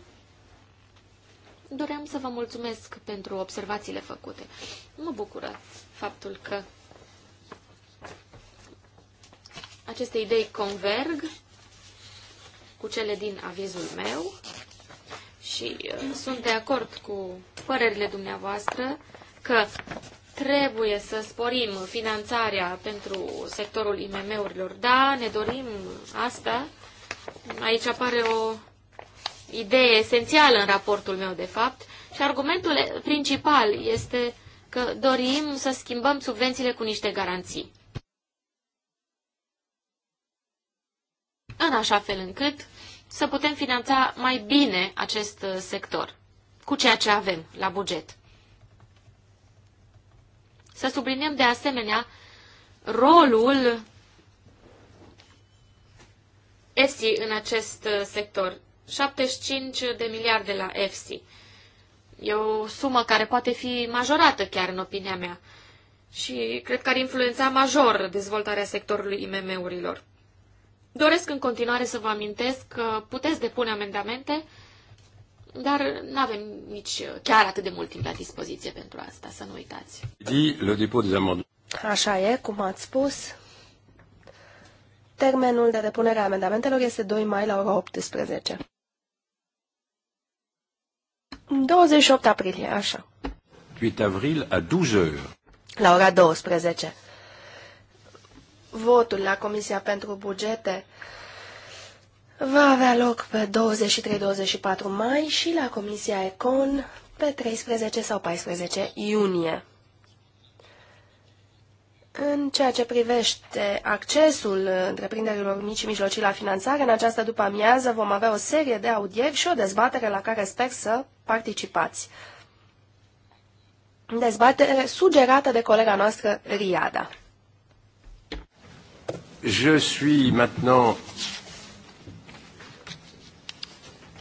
Doream să vă mulțumesc pentru observațiile făcute. Mă bucură faptul că aceste idei converg cu cele din avizul meu și uh, sunt de acord cu părerile dumneavoastră că trebuie să sporim finanțarea pentru sectorul IMM-urilor. Da, ne dorim asta. Aici apare o idee esențială în raportul meu, de fapt, și argumentul principal este că dorim să schimbăm subvențiile cu niște garanții. În așa fel încât să putem finanța mai bine acest uh, sector cu ceea ce avem la buget. Să subliniem de asemenea rolul ESI în acest uh, sector. 75 de miliarde la EFSI. E o sumă care poate fi majorată chiar în opinia mea și cred că ar influența major dezvoltarea sectorului IMM-urilor. Doresc în continuare să vă amintesc că puteți depune amendamente, dar nu avem nici uh, chiar atât de mult timp la dispoziție pentru asta, să nu uitați. Așa e, cum ați spus. Termenul de depunere a amendamentelor este 2 mai la ora 18. 28 aprilie, așa. 8 avril a 12 La ora 12. Votul la Comisia pentru Bugete va avea loc pe 23-24 mai și la Comisia Econ pe 13 sau 14 iunie. În ceea ce privește accesul întreprinderilor mici și mijlocii la finanțare, în această după amiază vom avea o serie de audieri și o dezbatere la care sper să participați. Dezbatere sugerată de colega noastră Riada. Je suis maintenant.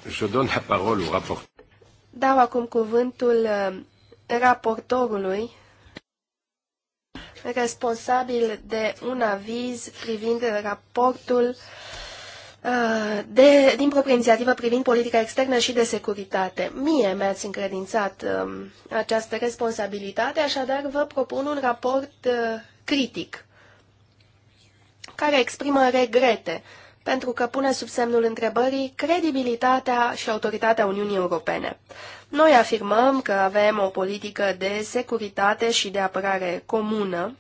Je donne la parole au rapporteur. Dau acum cuvântul uh, raportorului responsabil de un aviz privind raportul uh, de, din propria inițiativă privind politica externă și de securitate. Mie mi-ați încredințat um, această responsabilitate, așadar vă propun un raport uh, critic care exprimă regrete pentru că pune sub semnul întrebării credibilitatea și autoritatea Uniunii Europene. Noi afirmăm că avem o politică de securitate și de apărare comună,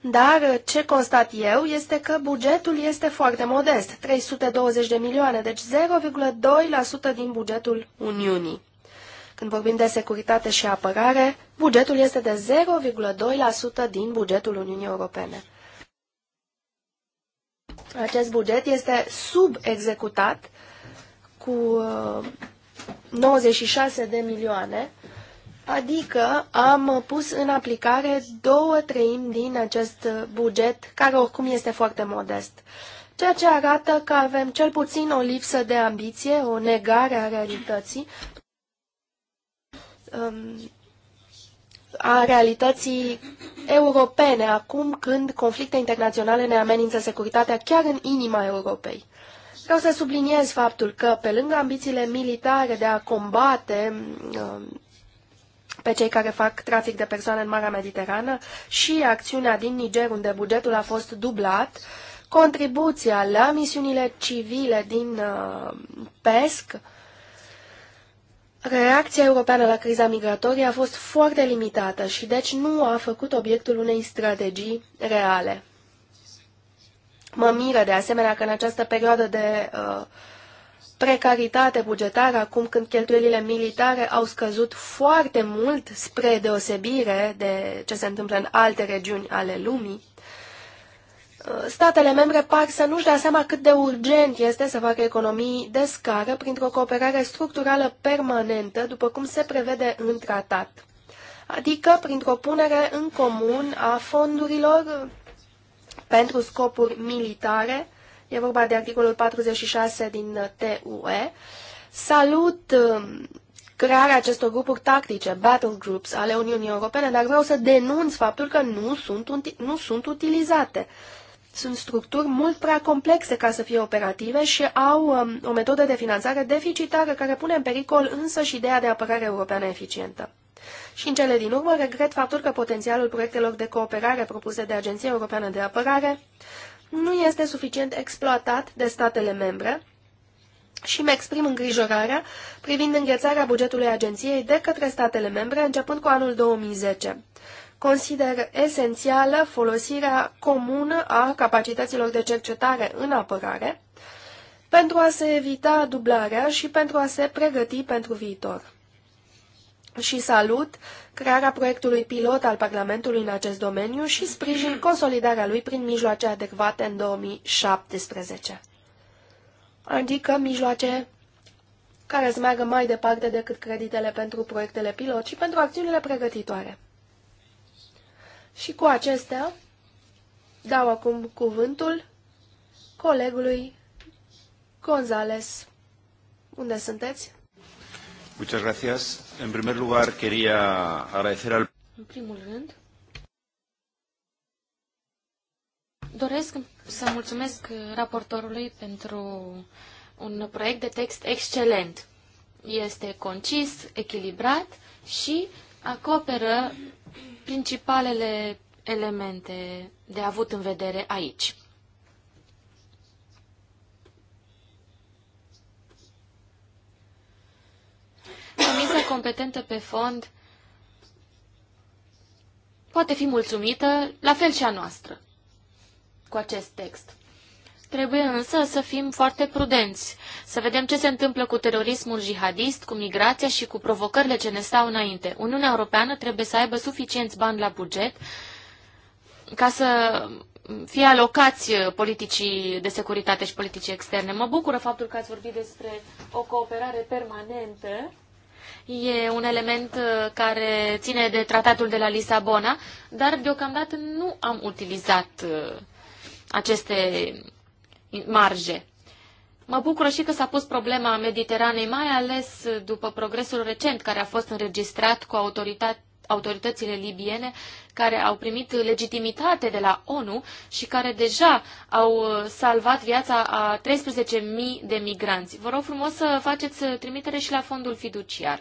dar ce constat eu este că bugetul este foarte modest, 320 de milioane, deci 0,2% din bugetul Uniunii. Când vorbim de securitate și apărare, bugetul este de 0,2% din bugetul Uniunii Europene. Acest buget este subexecutat cu 96 uh, de milioane, adică am pus în aplicare două treimi din acest buget, care oricum este foarte modest. Ceea ce arată că avem cel puțin o lipsă de ambiție, o negare a realității, um, a realității europene acum când conflicte internaționale ne amenință securitatea chiar în inima Europei. Vreau să subliniez faptul că, pe lângă ambițiile militare de a combate um, pe cei care fac trafic de persoane în Marea Mediterană și acțiunea din Niger, unde bugetul a fost dublat, contribuția la misiunile civile din uh, PESC Reacția europeană la criza migratorie a fost foarte limitată și deci nu a făcut obiectul unei strategii reale. Mă miră de asemenea că în această perioadă de uh, precaritate bugetară, acum când cheltuielile militare au scăzut foarte mult spre deosebire de ce se întâmplă în alte regiuni ale lumii, statele membre par să nu-și dea seama cât de urgent este să facă economii de scară printr-o cooperare structurală permanentă, după cum se prevede în tratat, adică printr-o punere în comun a fondurilor pentru scopuri militare, e vorba de articolul 46 din TUE, salut um, crearea acestor grupuri tactice, battle groups, ale Uniunii Europene, dar vreau să denunț faptul că nu sunt, nu sunt utilizate. Sunt structuri mult prea complexe ca să fie operative și au um, o metodă de finanțare deficitară care pune în pericol însă și ideea de apărare europeană eficientă. Și în cele din urmă regret faptul că potențialul proiectelor de cooperare propuse de Agenția Europeană de Apărare nu este suficient exploatat de statele membre și îmi exprim îngrijorarea privind înghețarea bugetului agenției de către statele membre începând cu anul 2010 consider esențială folosirea comună a capacităților de cercetare în apărare pentru a se evita dublarea și pentru a se pregăti pentru viitor. Și salut crearea proiectului pilot al Parlamentului în acest domeniu și sprijin consolidarea lui prin mijloace adecvate în 2017. Adică mijloace care să meargă mai departe decât creditele pentru proiectele pilot și pentru acțiunile pregătitoare. Și cu acestea dau acum cuvântul colegului Gonzales. Unde sunteți? Muchas gracias. En primer lugar, quería agradecer al... În primul rând, doresc să mulțumesc raportorului pentru un proiect de text excelent. Este concis, echilibrat și acoperă principalele elemente de avut în vedere aici. Comisia competentă pe fond poate fi mulțumită, la fel și a noastră, cu acest text. Trebuie însă să fim foarte prudenți, să vedem ce se întâmplă cu terorismul jihadist, cu migrația și cu provocările ce ne stau înainte. Uniunea Europeană trebuie să aibă suficienți bani la buget ca să fie alocați politicii de securitate și politicii externe. Mă bucură faptul că ați vorbit despre o cooperare permanentă. E un element uh, care ține de tratatul de la Lisabona, dar deocamdată nu am utilizat uh, aceste marje. Mă bucură și că s-a pus problema Mediteranei, mai ales după progresul recent care a fost înregistrat cu autoritățile libiene care au primit legitimitate de la ONU și care deja au uh, salvat viața a 13.000 de migranți. Vă rog frumos să faceți uh, trimitere și la fondul fiduciar.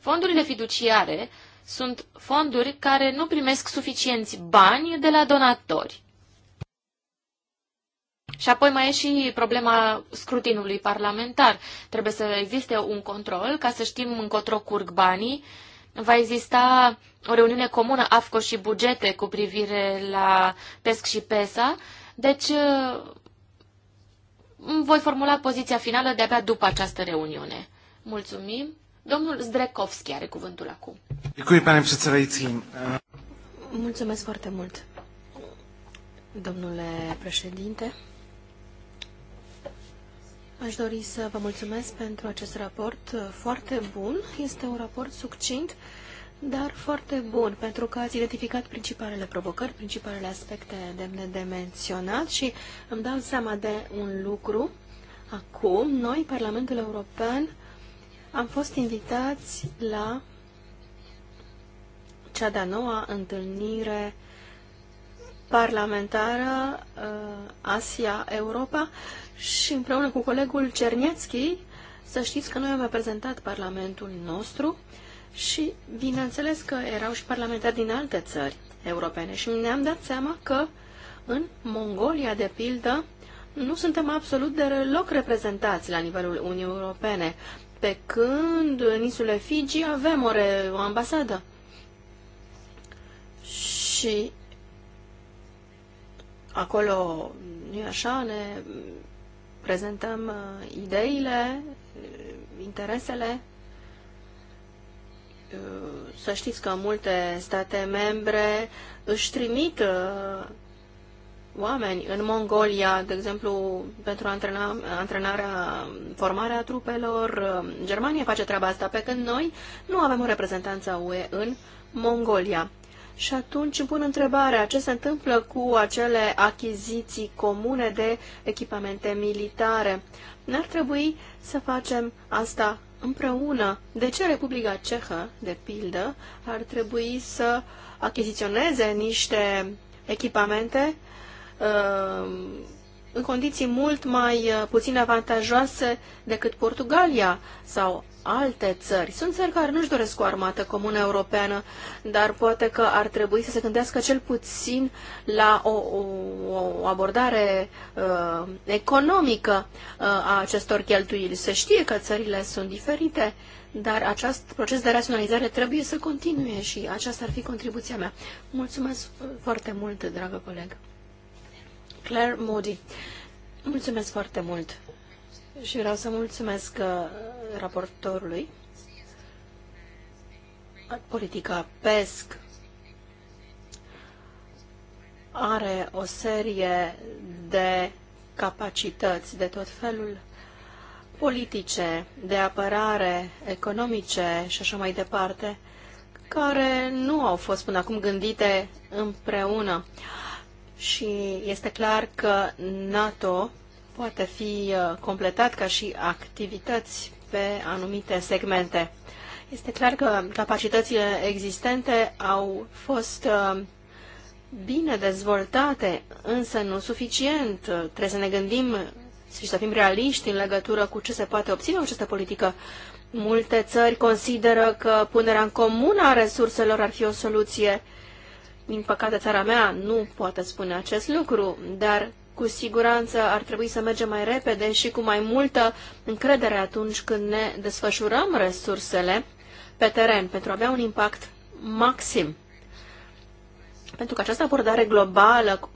Fondurile fiduciare sunt fonduri care nu primesc suficienți bani de la donatori. Și apoi mai e și problema scrutinului parlamentar. Trebuie să existe un control ca să știm încotro curg banii. Va exista o reuniune comună AFCO și bugete cu privire la PESC și PESA. Deci voi formula poziția finală de-abia după această reuniune. Mulțumim. Domnul Zdrekovski are cuvântul acum. Mulțumesc foarte mult, domnule președinte. Aș dori să vă mulțumesc pentru acest raport uh, foarte bun. Este un raport succint, dar foarte bun, pentru că ați identificat principalele provocări, principalele aspecte demne de menționat și îmi dau seama de un lucru. Acum, noi, Parlamentul European, am fost invitați la cea de-a noua întâlnire parlamentară uh, Asia-Europa, și împreună cu colegul Cernețchi, să știți că noi am reprezentat Parlamentul nostru și, bineînțeles că erau și parlamentari din alte țări europene și ne-am dat seama că în Mongolia, de pildă, nu suntem absolut de loc reprezentați la nivelul Uniunii Europene, pe când în insule Fiji avem o, re- o ambasadă. Și acolo, nu așa, ne prezentăm uh, ideile, uh, interesele. Uh, să știți că multe state membre își trimit oameni în Mongolia, de exemplu, pentru antrena, antrenarea, formarea trupelor. Germania face treaba asta, pe când noi nu avem o reprezentanță UE în Mongolia. Și atunci îmi pun întrebarea, ce se întâmplă cu acele achiziții comune de echipamente militare? N-ar trebui să facem asta împreună. De ce Republica Cehă, de pildă, ar trebui să achiziționeze niște echipamente uh, în condiții mult mai uh, puțin avantajoase decât Portugalia sau alte țări. Sunt țări care nu-și doresc o armată comună europeană, dar poate că ar trebui să se gândească cel puțin la o, o, o abordare uh, economică uh, a acestor cheltuieli. Se știe că țările sunt diferite, dar acest proces de raționalizare trebuie să continue și aceasta ar fi contribuția mea. Mulțumesc uh, foarte mult, dragă colegă. Claire Moody. Mulțumesc foarte mult și vreau să mulțumesc uh, raportorului. Politica PESC are o serie de capacități de tot felul politice, de apărare, economice și așa mai departe, care nu au fost până acum gândite împreună. Uh, și este clar că NATO poate fi uh, completat ca și activități pe anumite segmente. Este clar că capacitățile existente au fost uh, bine dezvoltate, însă nu suficient. Uh, trebuie să ne gândim și să fim realiști în legătură cu ce se poate obține cu această politică. Multe țări consideră că punerea în comun a resurselor ar fi o soluție din păcate, țara mea nu poate spune acest lucru, dar cu siguranță ar trebui să mergem mai repede și cu mai multă încredere atunci când ne desfășurăm resursele pe teren pentru a avea un impact maxim. Pentru că această abordare globală,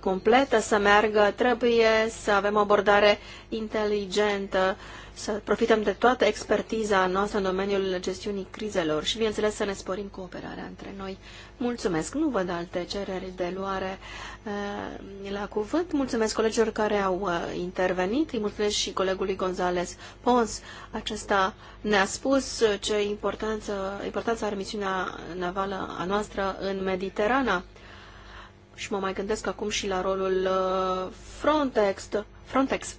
completă, să meargă, trebuie să avem o abordare inteligentă să profităm de toată expertiza noastră în domeniul gestiunii crizelor și, bineînțeles, să ne sporim cooperarea între noi. Mulțumesc! Nu văd alte cereri de luare eh, la cuvânt. Mulțumesc colegilor care au eh, intervenit. Îi mulțumesc și colegului Gonzales Pons. Acesta ne-a spus ce importanță, importanța are misiunea navală a noastră în Mediterana. Și mă mai gândesc acum și la rolul eh, Frontex. Frontex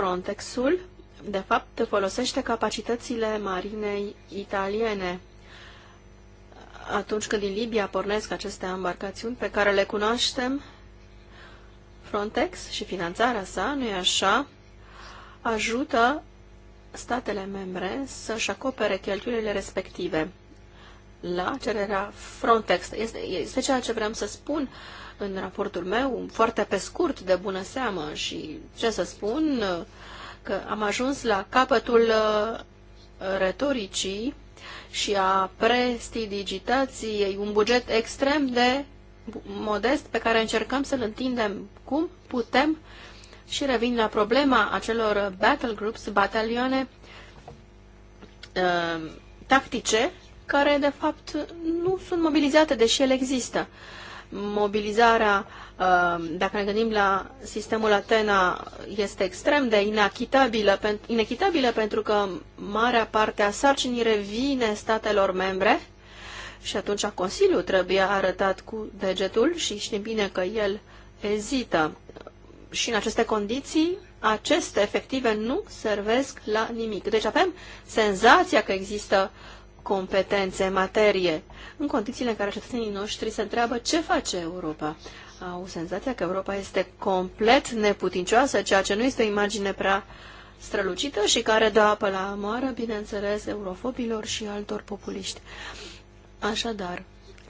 Frontexul, de fapt, folosește capacitățile marinei italiene atunci când din Libia pornesc aceste embarcațiuni pe care le cunoaștem, Frontex și finanțarea sa, nu-i așa, ajută statele membre să-și acopere cheltuielile respective la cererea Frontex. Este, este ceea ce vreau să spun. Uh, în raportul meu, foarte pe scurt, de bună seamă și ce să spun, că am ajuns la capătul uh, retoricii și a prestidigitației, un buget extrem de modest pe care încercăm să-l întindem cum putem și revin la problema acelor battle groups, batalioane uh, tactice, care de fapt nu sunt mobilizate, deși ele există mobilizarea, uh, dacă ne gândim la sistemul Atena, este extrem de inechitabilă, inechitabilă pentru că marea parte a sarcinii revine statelor membre și atunci Consiliul trebuie arătat cu degetul și știm bine că el ezită. Și în aceste condiții, aceste efective nu servesc la nimic. Deci avem senzația că există uh, competențe, materie, în condițiile în care cetățenii noștri se întreabă ce face Europa. Au senzația că Europa este complet neputincioasă, ceea ce nu este o imagine prea strălucită și care dă apă la moară, bineînțeles, eurofobilor și altor populiști. Așadar,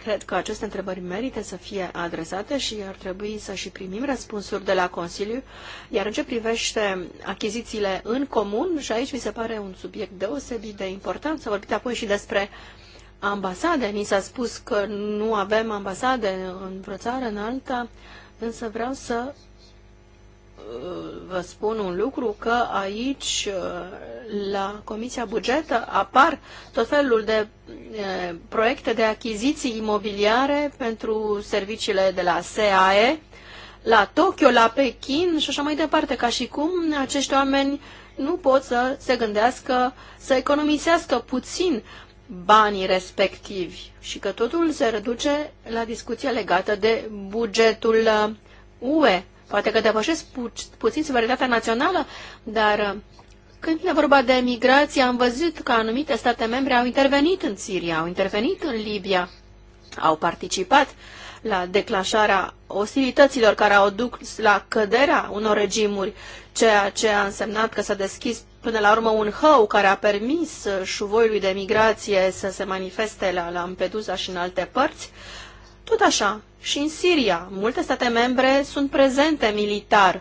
Cred că aceste întrebări merită să fie adresate și ar trebui să și primim răspunsuri de la Consiliu. Iar în ce privește achizițiile în comun, și aici mi se pare un subiect deosebit de important, s-a vorbit apoi și despre ambasade. Ni s-a spus că nu avem ambasade în vreo țară, în alta, însă vreau să vă spun un lucru, că aici, uh, la Comisia Bugetă, apar tot felul de uh, proiecte de achiziții imobiliare pentru serviciile de la SAE, la Tokyo, la Pekin și așa mai departe, ca și cum acești oameni nu pot să se gândească să economisească puțin banii respectivi și că totul se reduce la discuția legată de bugetul UE. Uh, Poate că depășesc pu- puțin suveranitatea națională, dar uh, când vine vorba de migrație, am văzut că anumite state membre au intervenit în Siria, au intervenit în Libia, au participat la declanșarea ostilităților care au dus la căderea unor regimuri, ceea ce a însemnat că s-a deschis până la urmă un hău care a permis șuvoiului de migrație să se manifeste la Lampedusa și în alte părți. Uh, tot așa, și în Siria, multe state membre sunt prezente militar.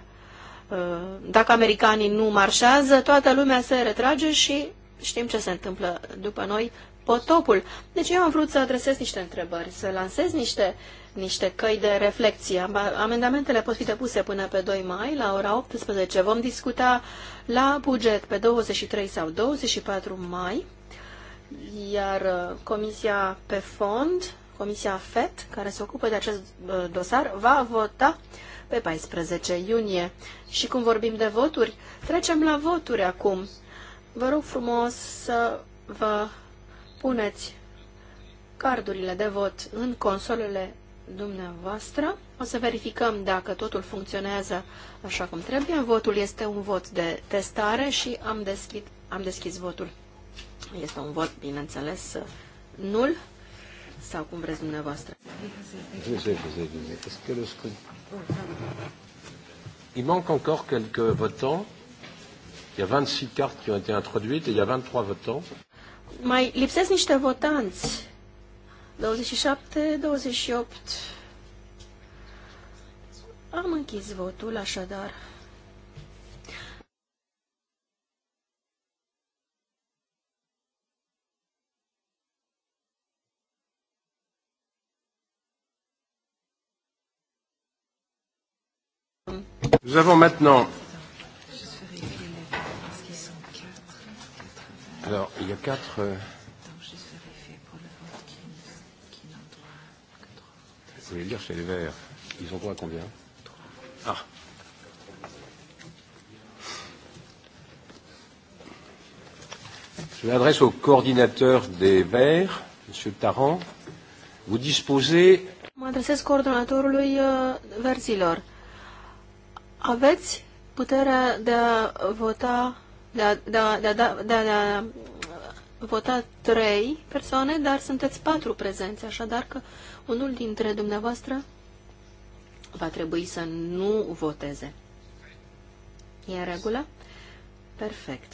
Uh, dacă americanii nu marșează, toată lumea se retrage și știm ce se întâmplă după noi, potopul. Deci eu am vrut să adresez niște întrebări, să lansez niște, niște căi de reflexie. Amendamentele pot fi depuse până pe 2 mai, la ora 18. Vom discuta la buget pe 23 sau 24 mai, iar uh, Comisia pe fond Comisia FET, care se ocupă de acest dosar, va vota pe 14 iunie. Și cum vorbim de voturi, trecem la voturi acum. Vă rog frumos să vă puneți cardurile de vot în consolele dumneavoastră. O să verificăm dacă totul funcționează așa cum trebuie. Votul este un vot de testare și am deschis, am deschis votul. Este un vot, bineînțeles, nul sau cum vreți dumneavoastră. Il manque encore quelques votants. Il y a 26 cartes qui ont été introduites et il y a 23 votants. Mai lipsesc niște votanți. 27, 28. Am închis votul, așadar. Nous avons maintenant. Alors, il y a quatre. Euh, Vous voulez dire chez les Verts, ils ont droit combien Ah. Je m'adresse au coordinateur des Verts, M. Tarrant. Vous disposez. m'adresse au coordinateur des verts aveți puterea de a vota de a, de a, de a, da, de a, de a uh, vota trei persoane, dar sunteți patru prezenți, așadar că unul dintre dumneavoastră va trebui să nu voteze. E în regulă? Perfect.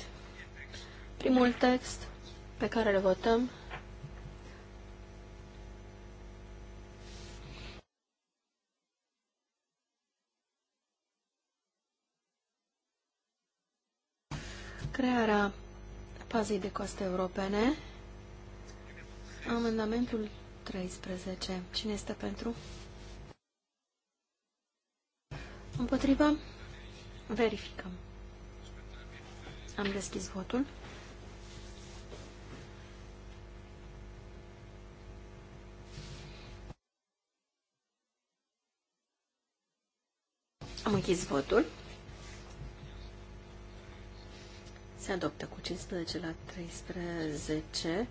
Primul text pe care îl votăm crearea pazei de coste europene. Amendamentul 13. Cine este pentru? Împotrivă? Verificăm. Am deschis votul. Am închis votul. Se adoptă cu 15 la 13.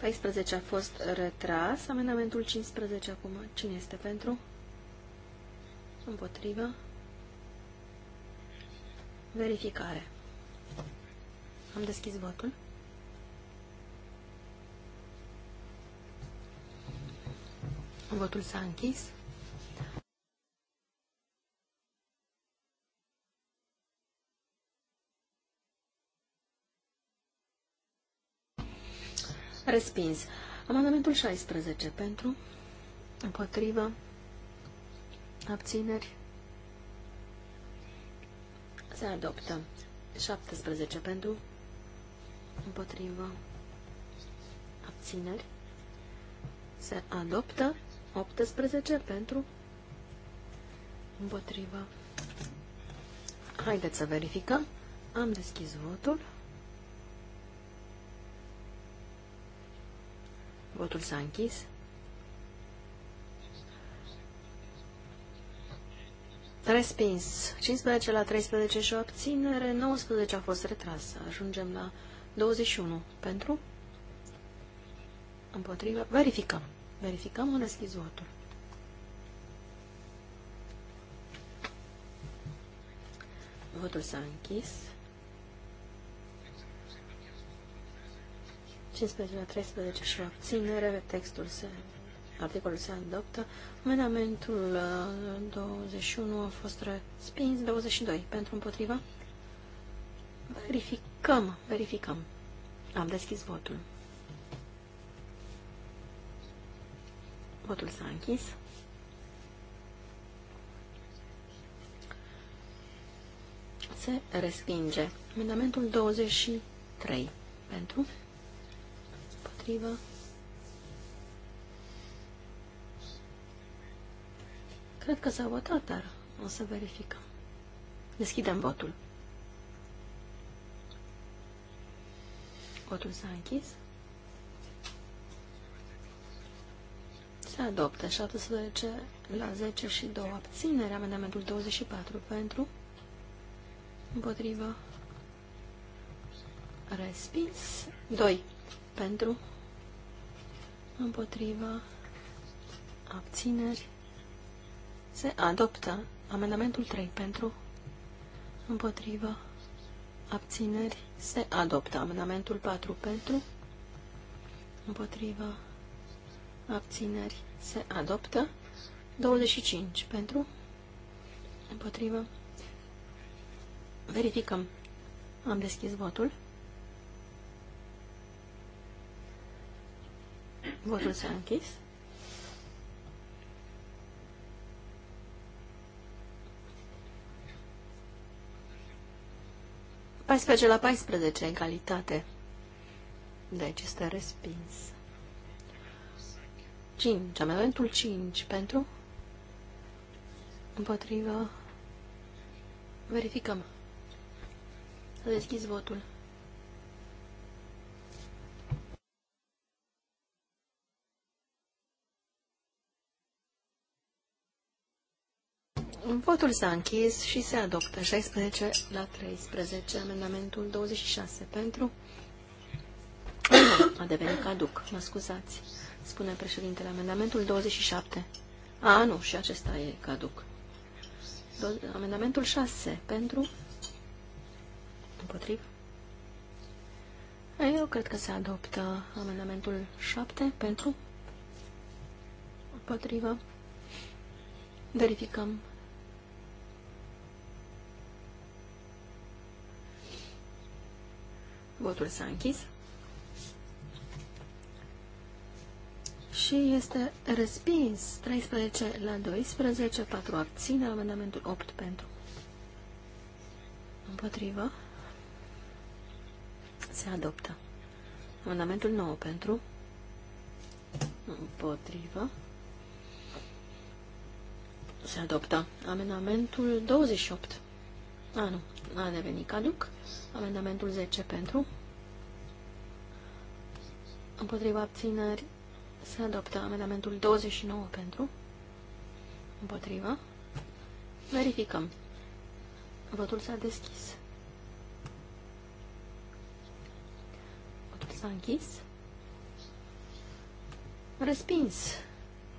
14 a fost retras. Amendamentul 15 acum. Cine este pentru? Împotrivă. Verificare. Am deschis votul. Votul s-a închis. Respins. Amendamentul 16 pentru, împotrivă, abțineri, se adoptă. 17 pentru, împotrivă, abțineri, se adoptă. 18 pentru, împotrivă. Haideți să verificăm. Am deschis votul. Votul s-a închis. Respins. 15 la 13 și o abținere. 19 a fost retrasă. Ajungem la 21. Pentru? Împotriva? Verificăm. Verificăm, un deschis votul. Votul s-a închis. 15 la 13 și obținere, textul se, articolul se adoptă. Amendamentul 21 uh, a fost respins, 22 pentru împotriva. Verificăm, verificăm. Am deschis votul. Votul s-a închis. Se respinge. Amendamentul 23 pentru împotrivă. Cred că s-a votat, dar o să verificăm. Deschidem votul. Votul s-a închis. Se adoptă 17 la 10 și 2 abținere. Amendamentul 24 pentru. Împotrivă. Respins. 2 pentru împotriva, abțineri, se adoptă. Amendamentul 3 pentru, împotriva, abțineri, se adoptă. Amendamentul 4 pentru, împotriva, abțineri, se adoptă. 25 pentru, împotriva, verificăm. Am deschis votul. Votul s-a închis. Paisprezece la 14 în calitate. Deci este respins. 5. Amendamentul 5 pentru împotriva verificăm. Să deschizi votul. Votul s-a închis și se adoptă. 16 la 13. Amendamentul 26 pentru... A devenit caduc. Mă scuzați, spune președintele. Amendamentul 27. A, nu, și acesta e caduc. Do amendamentul 6 pentru... Împotrivă. Eu cred că se adoptă amendamentul 7 pentru... Împotrivă. Verificăm Votul s-a închis. Și este respins 13 la 12, 4 abține, amendamentul 8 pentru. Împotrivă. Se adoptă. Amendamentul 9 pentru. Împotrivă. Se adoptă. Amendamentul 28 a, ah, nu. A devenit caduc. Amendamentul 10 pentru. Împotriva abțineri se adoptă amendamentul 29 pentru. Împotriva. Verificăm. Votul s-a deschis. Votul s-a închis. Respins.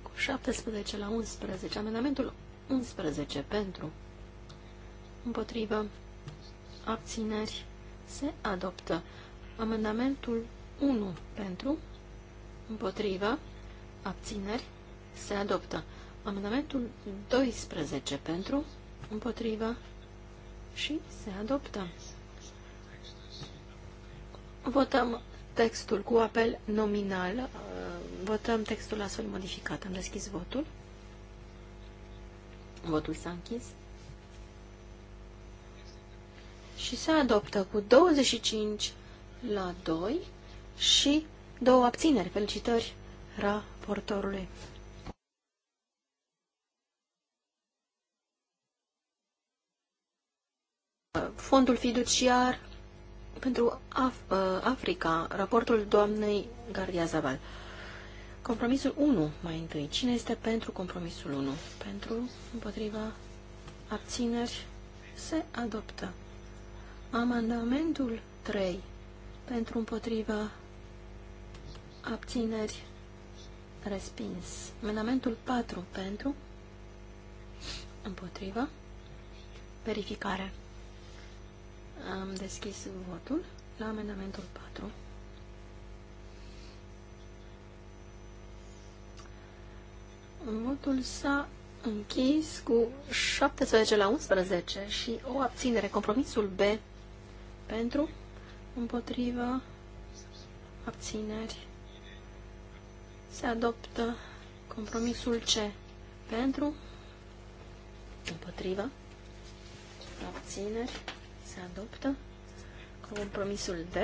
Cu 17 la 11. Amendamentul 11 pentru împotrivă, abțineri, se adoptă. Amendamentul 1 pentru, împotrivă, abțineri, se adoptă. Amendamentul 12 pentru, împotrivă și se adoptă. Votăm textul cu apel nominal. Uh, votăm textul astfel modificat. Am deschis votul. Votul s-a închis și se adoptă cu 25 la 2 și două abțineri. Felicitări raportorului. Fondul fiduciar pentru Af uh, Africa, raportul doamnei Gardia Zaval. Compromisul 1, mai întâi. Cine este pentru compromisul 1? Pentru, împotriva, abțineri, se adoptă. Amandamentul 3 pentru împotriva abțineri respins. Amendamentul 4 pentru împotriva verificare. Am deschis votul la amendamentul 4. Votul s-a închis cu 17 la 11 și o abținere. Compromisul B pentru, împotrivă, abțineri. Se adoptă compromisul C pentru, împotrivă, abțineri. Se adoptă compromisul D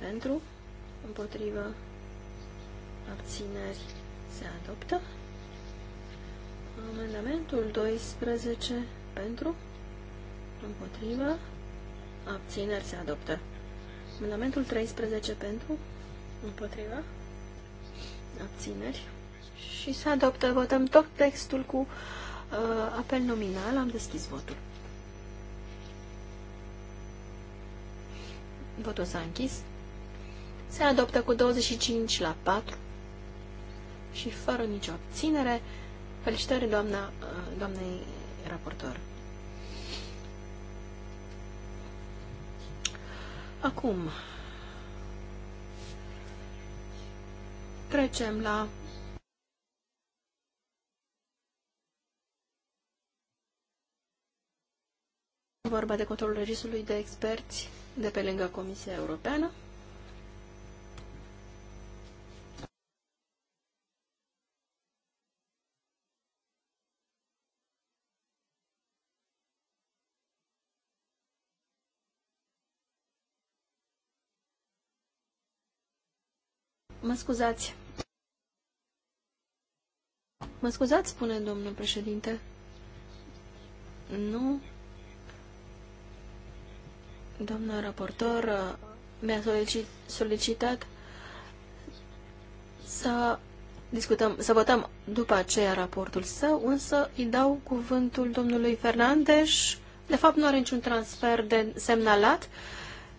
pentru, împotrivă, abțineri. Se adoptă amendamentul 12 pentru, împotrivă, abțineri se adoptă. Amendamentul 13 pentru, împotriva, abțineri și se adoptă. Votăm tot textul cu uh, apel nominal. Am deschis votul. Votul s-a închis. Se adoptă cu 25 la 4 și fără nicio abținere. Felicitări doamna, uh, doamnei raportor. Acum trecem la vorba de controlul registrului de experți de pe lângă Comisia Europeană. mă scuzați. Mă scuzați, spune domnul președinte. Nu. Doamna raportor uh, mi-a solicit, solicitat să discutăm, să votăm după aceea raportul său, însă îi dau cuvântul domnului Fernandes. De fapt, nu are niciun transfer de semnalat. Uh,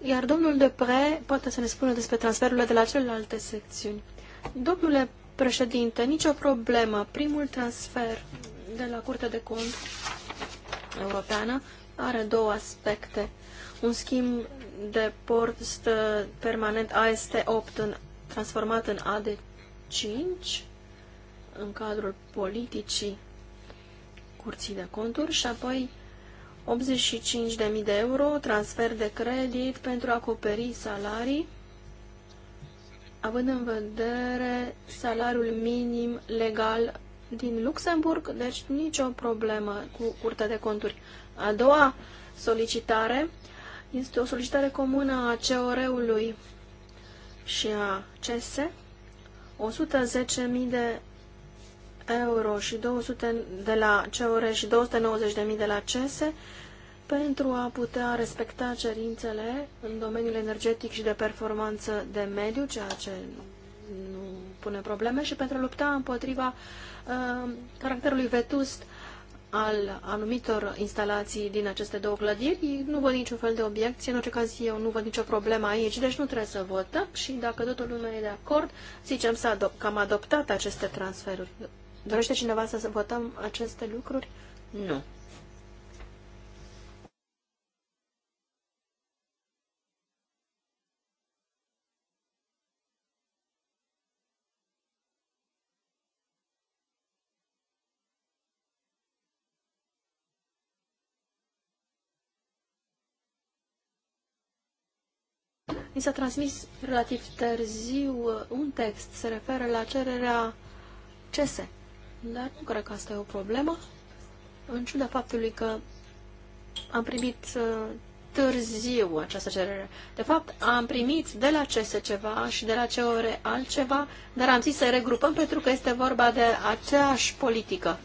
iar domnul Depre poate să ne spună despre transferurile de la celelalte secțiuni. Domnule președinte, nicio problemă. Primul transfer de la Curtea de Cont Europeană are două aspecte. Un schimb de port uh, permanent AST8 transformat în AD5 în cadrul politicii Curții de Conturi și apoi 85.000 de euro, transfer de credit pentru a acoperi salarii, având în vedere salariul minim legal din Luxemburg, deci nicio problemă cu Curtea de Conturi. A doua solicitare este o solicitare comună a COR-ului și a CESE, 110.000 de euro și 200 de la CEUR și 290.000 de la CESE pentru a putea respecta cerințele în domeniul energetic și de performanță de mediu, ceea ce nu pune probleme, și pentru a lupta împotriva uh, caracterului vetust al anumitor instalații din aceste două clădiri. Nu văd niciun fel de obiecție, în orice caz eu nu văd nicio problemă aici, deci nu trebuie să votăm și dacă toată lumea e de acord, zicem să adop- că am adoptat aceste transferuri Dorește cineva să votăm aceste lucruri? Nu. Mi s-a transmis relativ târziu un text, se referă la cererea CESE, dar nu cred că asta e o problemă. În ciuda faptului că am primit uh, târziu această cerere. De fapt, am primit de la CS ceva și de la ce ore altceva, dar am zis să regrupăm pentru că este vorba de aceeași politică.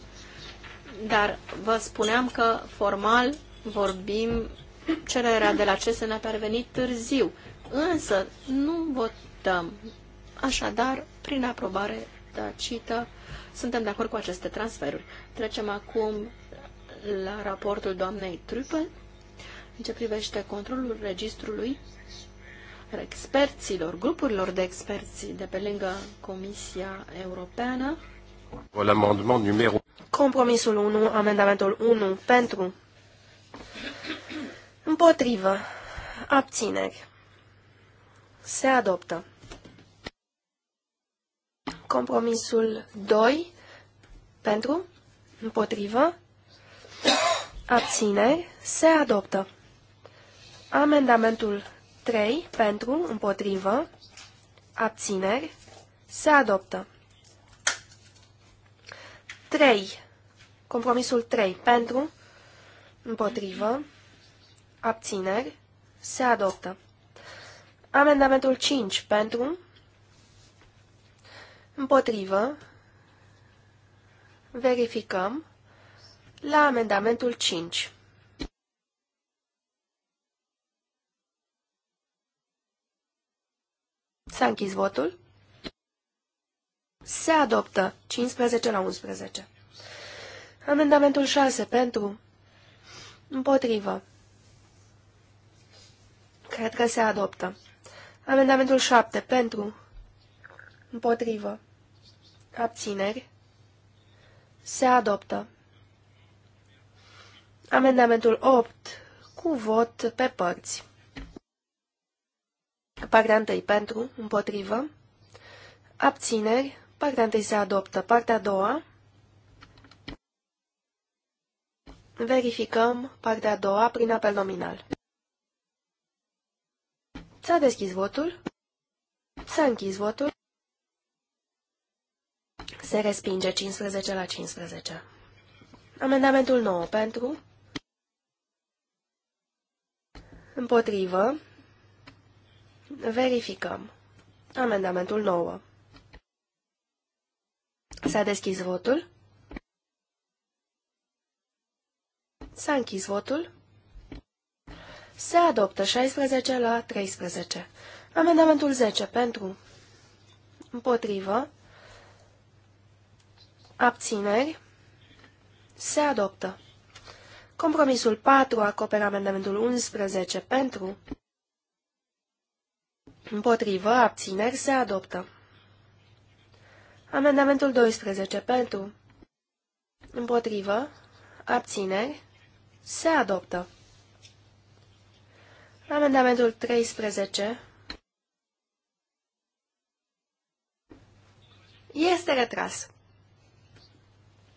Dar vă spuneam că formal vorbim, cererea de la CS ne-a pervenit târziu, însă nu votăm. Așadar, prin aprobare tacită, suntem de acord cu aceste transferuri. Trecem acum la raportul doamnei Trupel în ce privește controlul registrului experților, grupurilor de experți de pe lângă Comisia Europeană. Compromisul 1, amendamentul 1, pentru, împotrivă, abțineri, se adoptă. Compromisul 2 pentru, împotrivă, abțineri, se adoptă. Amendamentul 3 pentru, împotrivă, abțineri, se adoptă. 3. Compromisul 3 pentru, împotrivă, abțineri, se adoptă. Amendamentul 5 pentru, Împotrivă. Verificăm la amendamentul 5. S-a închis votul. Se adoptă 15 la 11. Amendamentul 6 pentru. Împotrivă. Cred că se adoptă. Amendamentul 7 pentru. Împotrivă. Abțineri. Se adoptă. Amendamentul 8. Cu vot pe părți. Partea 1 pentru, împotrivă. Abțineri. Partea 1 se adoptă. Partea 2. Verificăm partea a doua prin apel nominal. S-a deschis votul. S-a închis votul. Se respinge 15 la 15. Amendamentul 9 pentru. Împotrivă. Verificăm. Amendamentul 9. S-a deschis votul. S-a închis votul. Se adoptă 16 la 13. Amendamentul 10 pentru. Împotrivă. Abțineri. Se adoptă. Compromisul 4 acoperă amendamentul 11 pentru. Împotrivă, abțineri, se adoptă. Amendamentul 12 pentru. Împotrivă, abțineri, se adoptă. Amendamentul 13 este retras.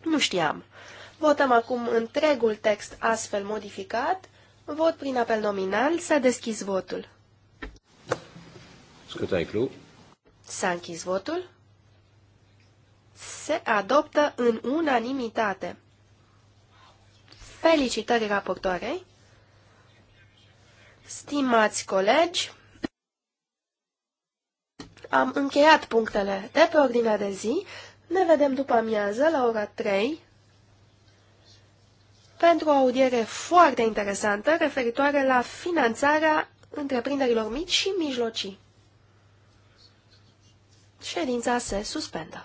Nu știam. Votăm acum întregul text astfel modificat. Vot prin apel nominal. S-a deschis votul. Scrutin clos. S-a închis votul. Se adoptă în unanimitate. Felicitări raportoarei. Stimați colegi, am încheiat punctele de pe ordinea de zi. Ne vedem după amiază la ora 3 pentru o audiere foarte interesantă referitoare la finanțarea întreprinderilor mici și mijlocii. Ședința se suspendă.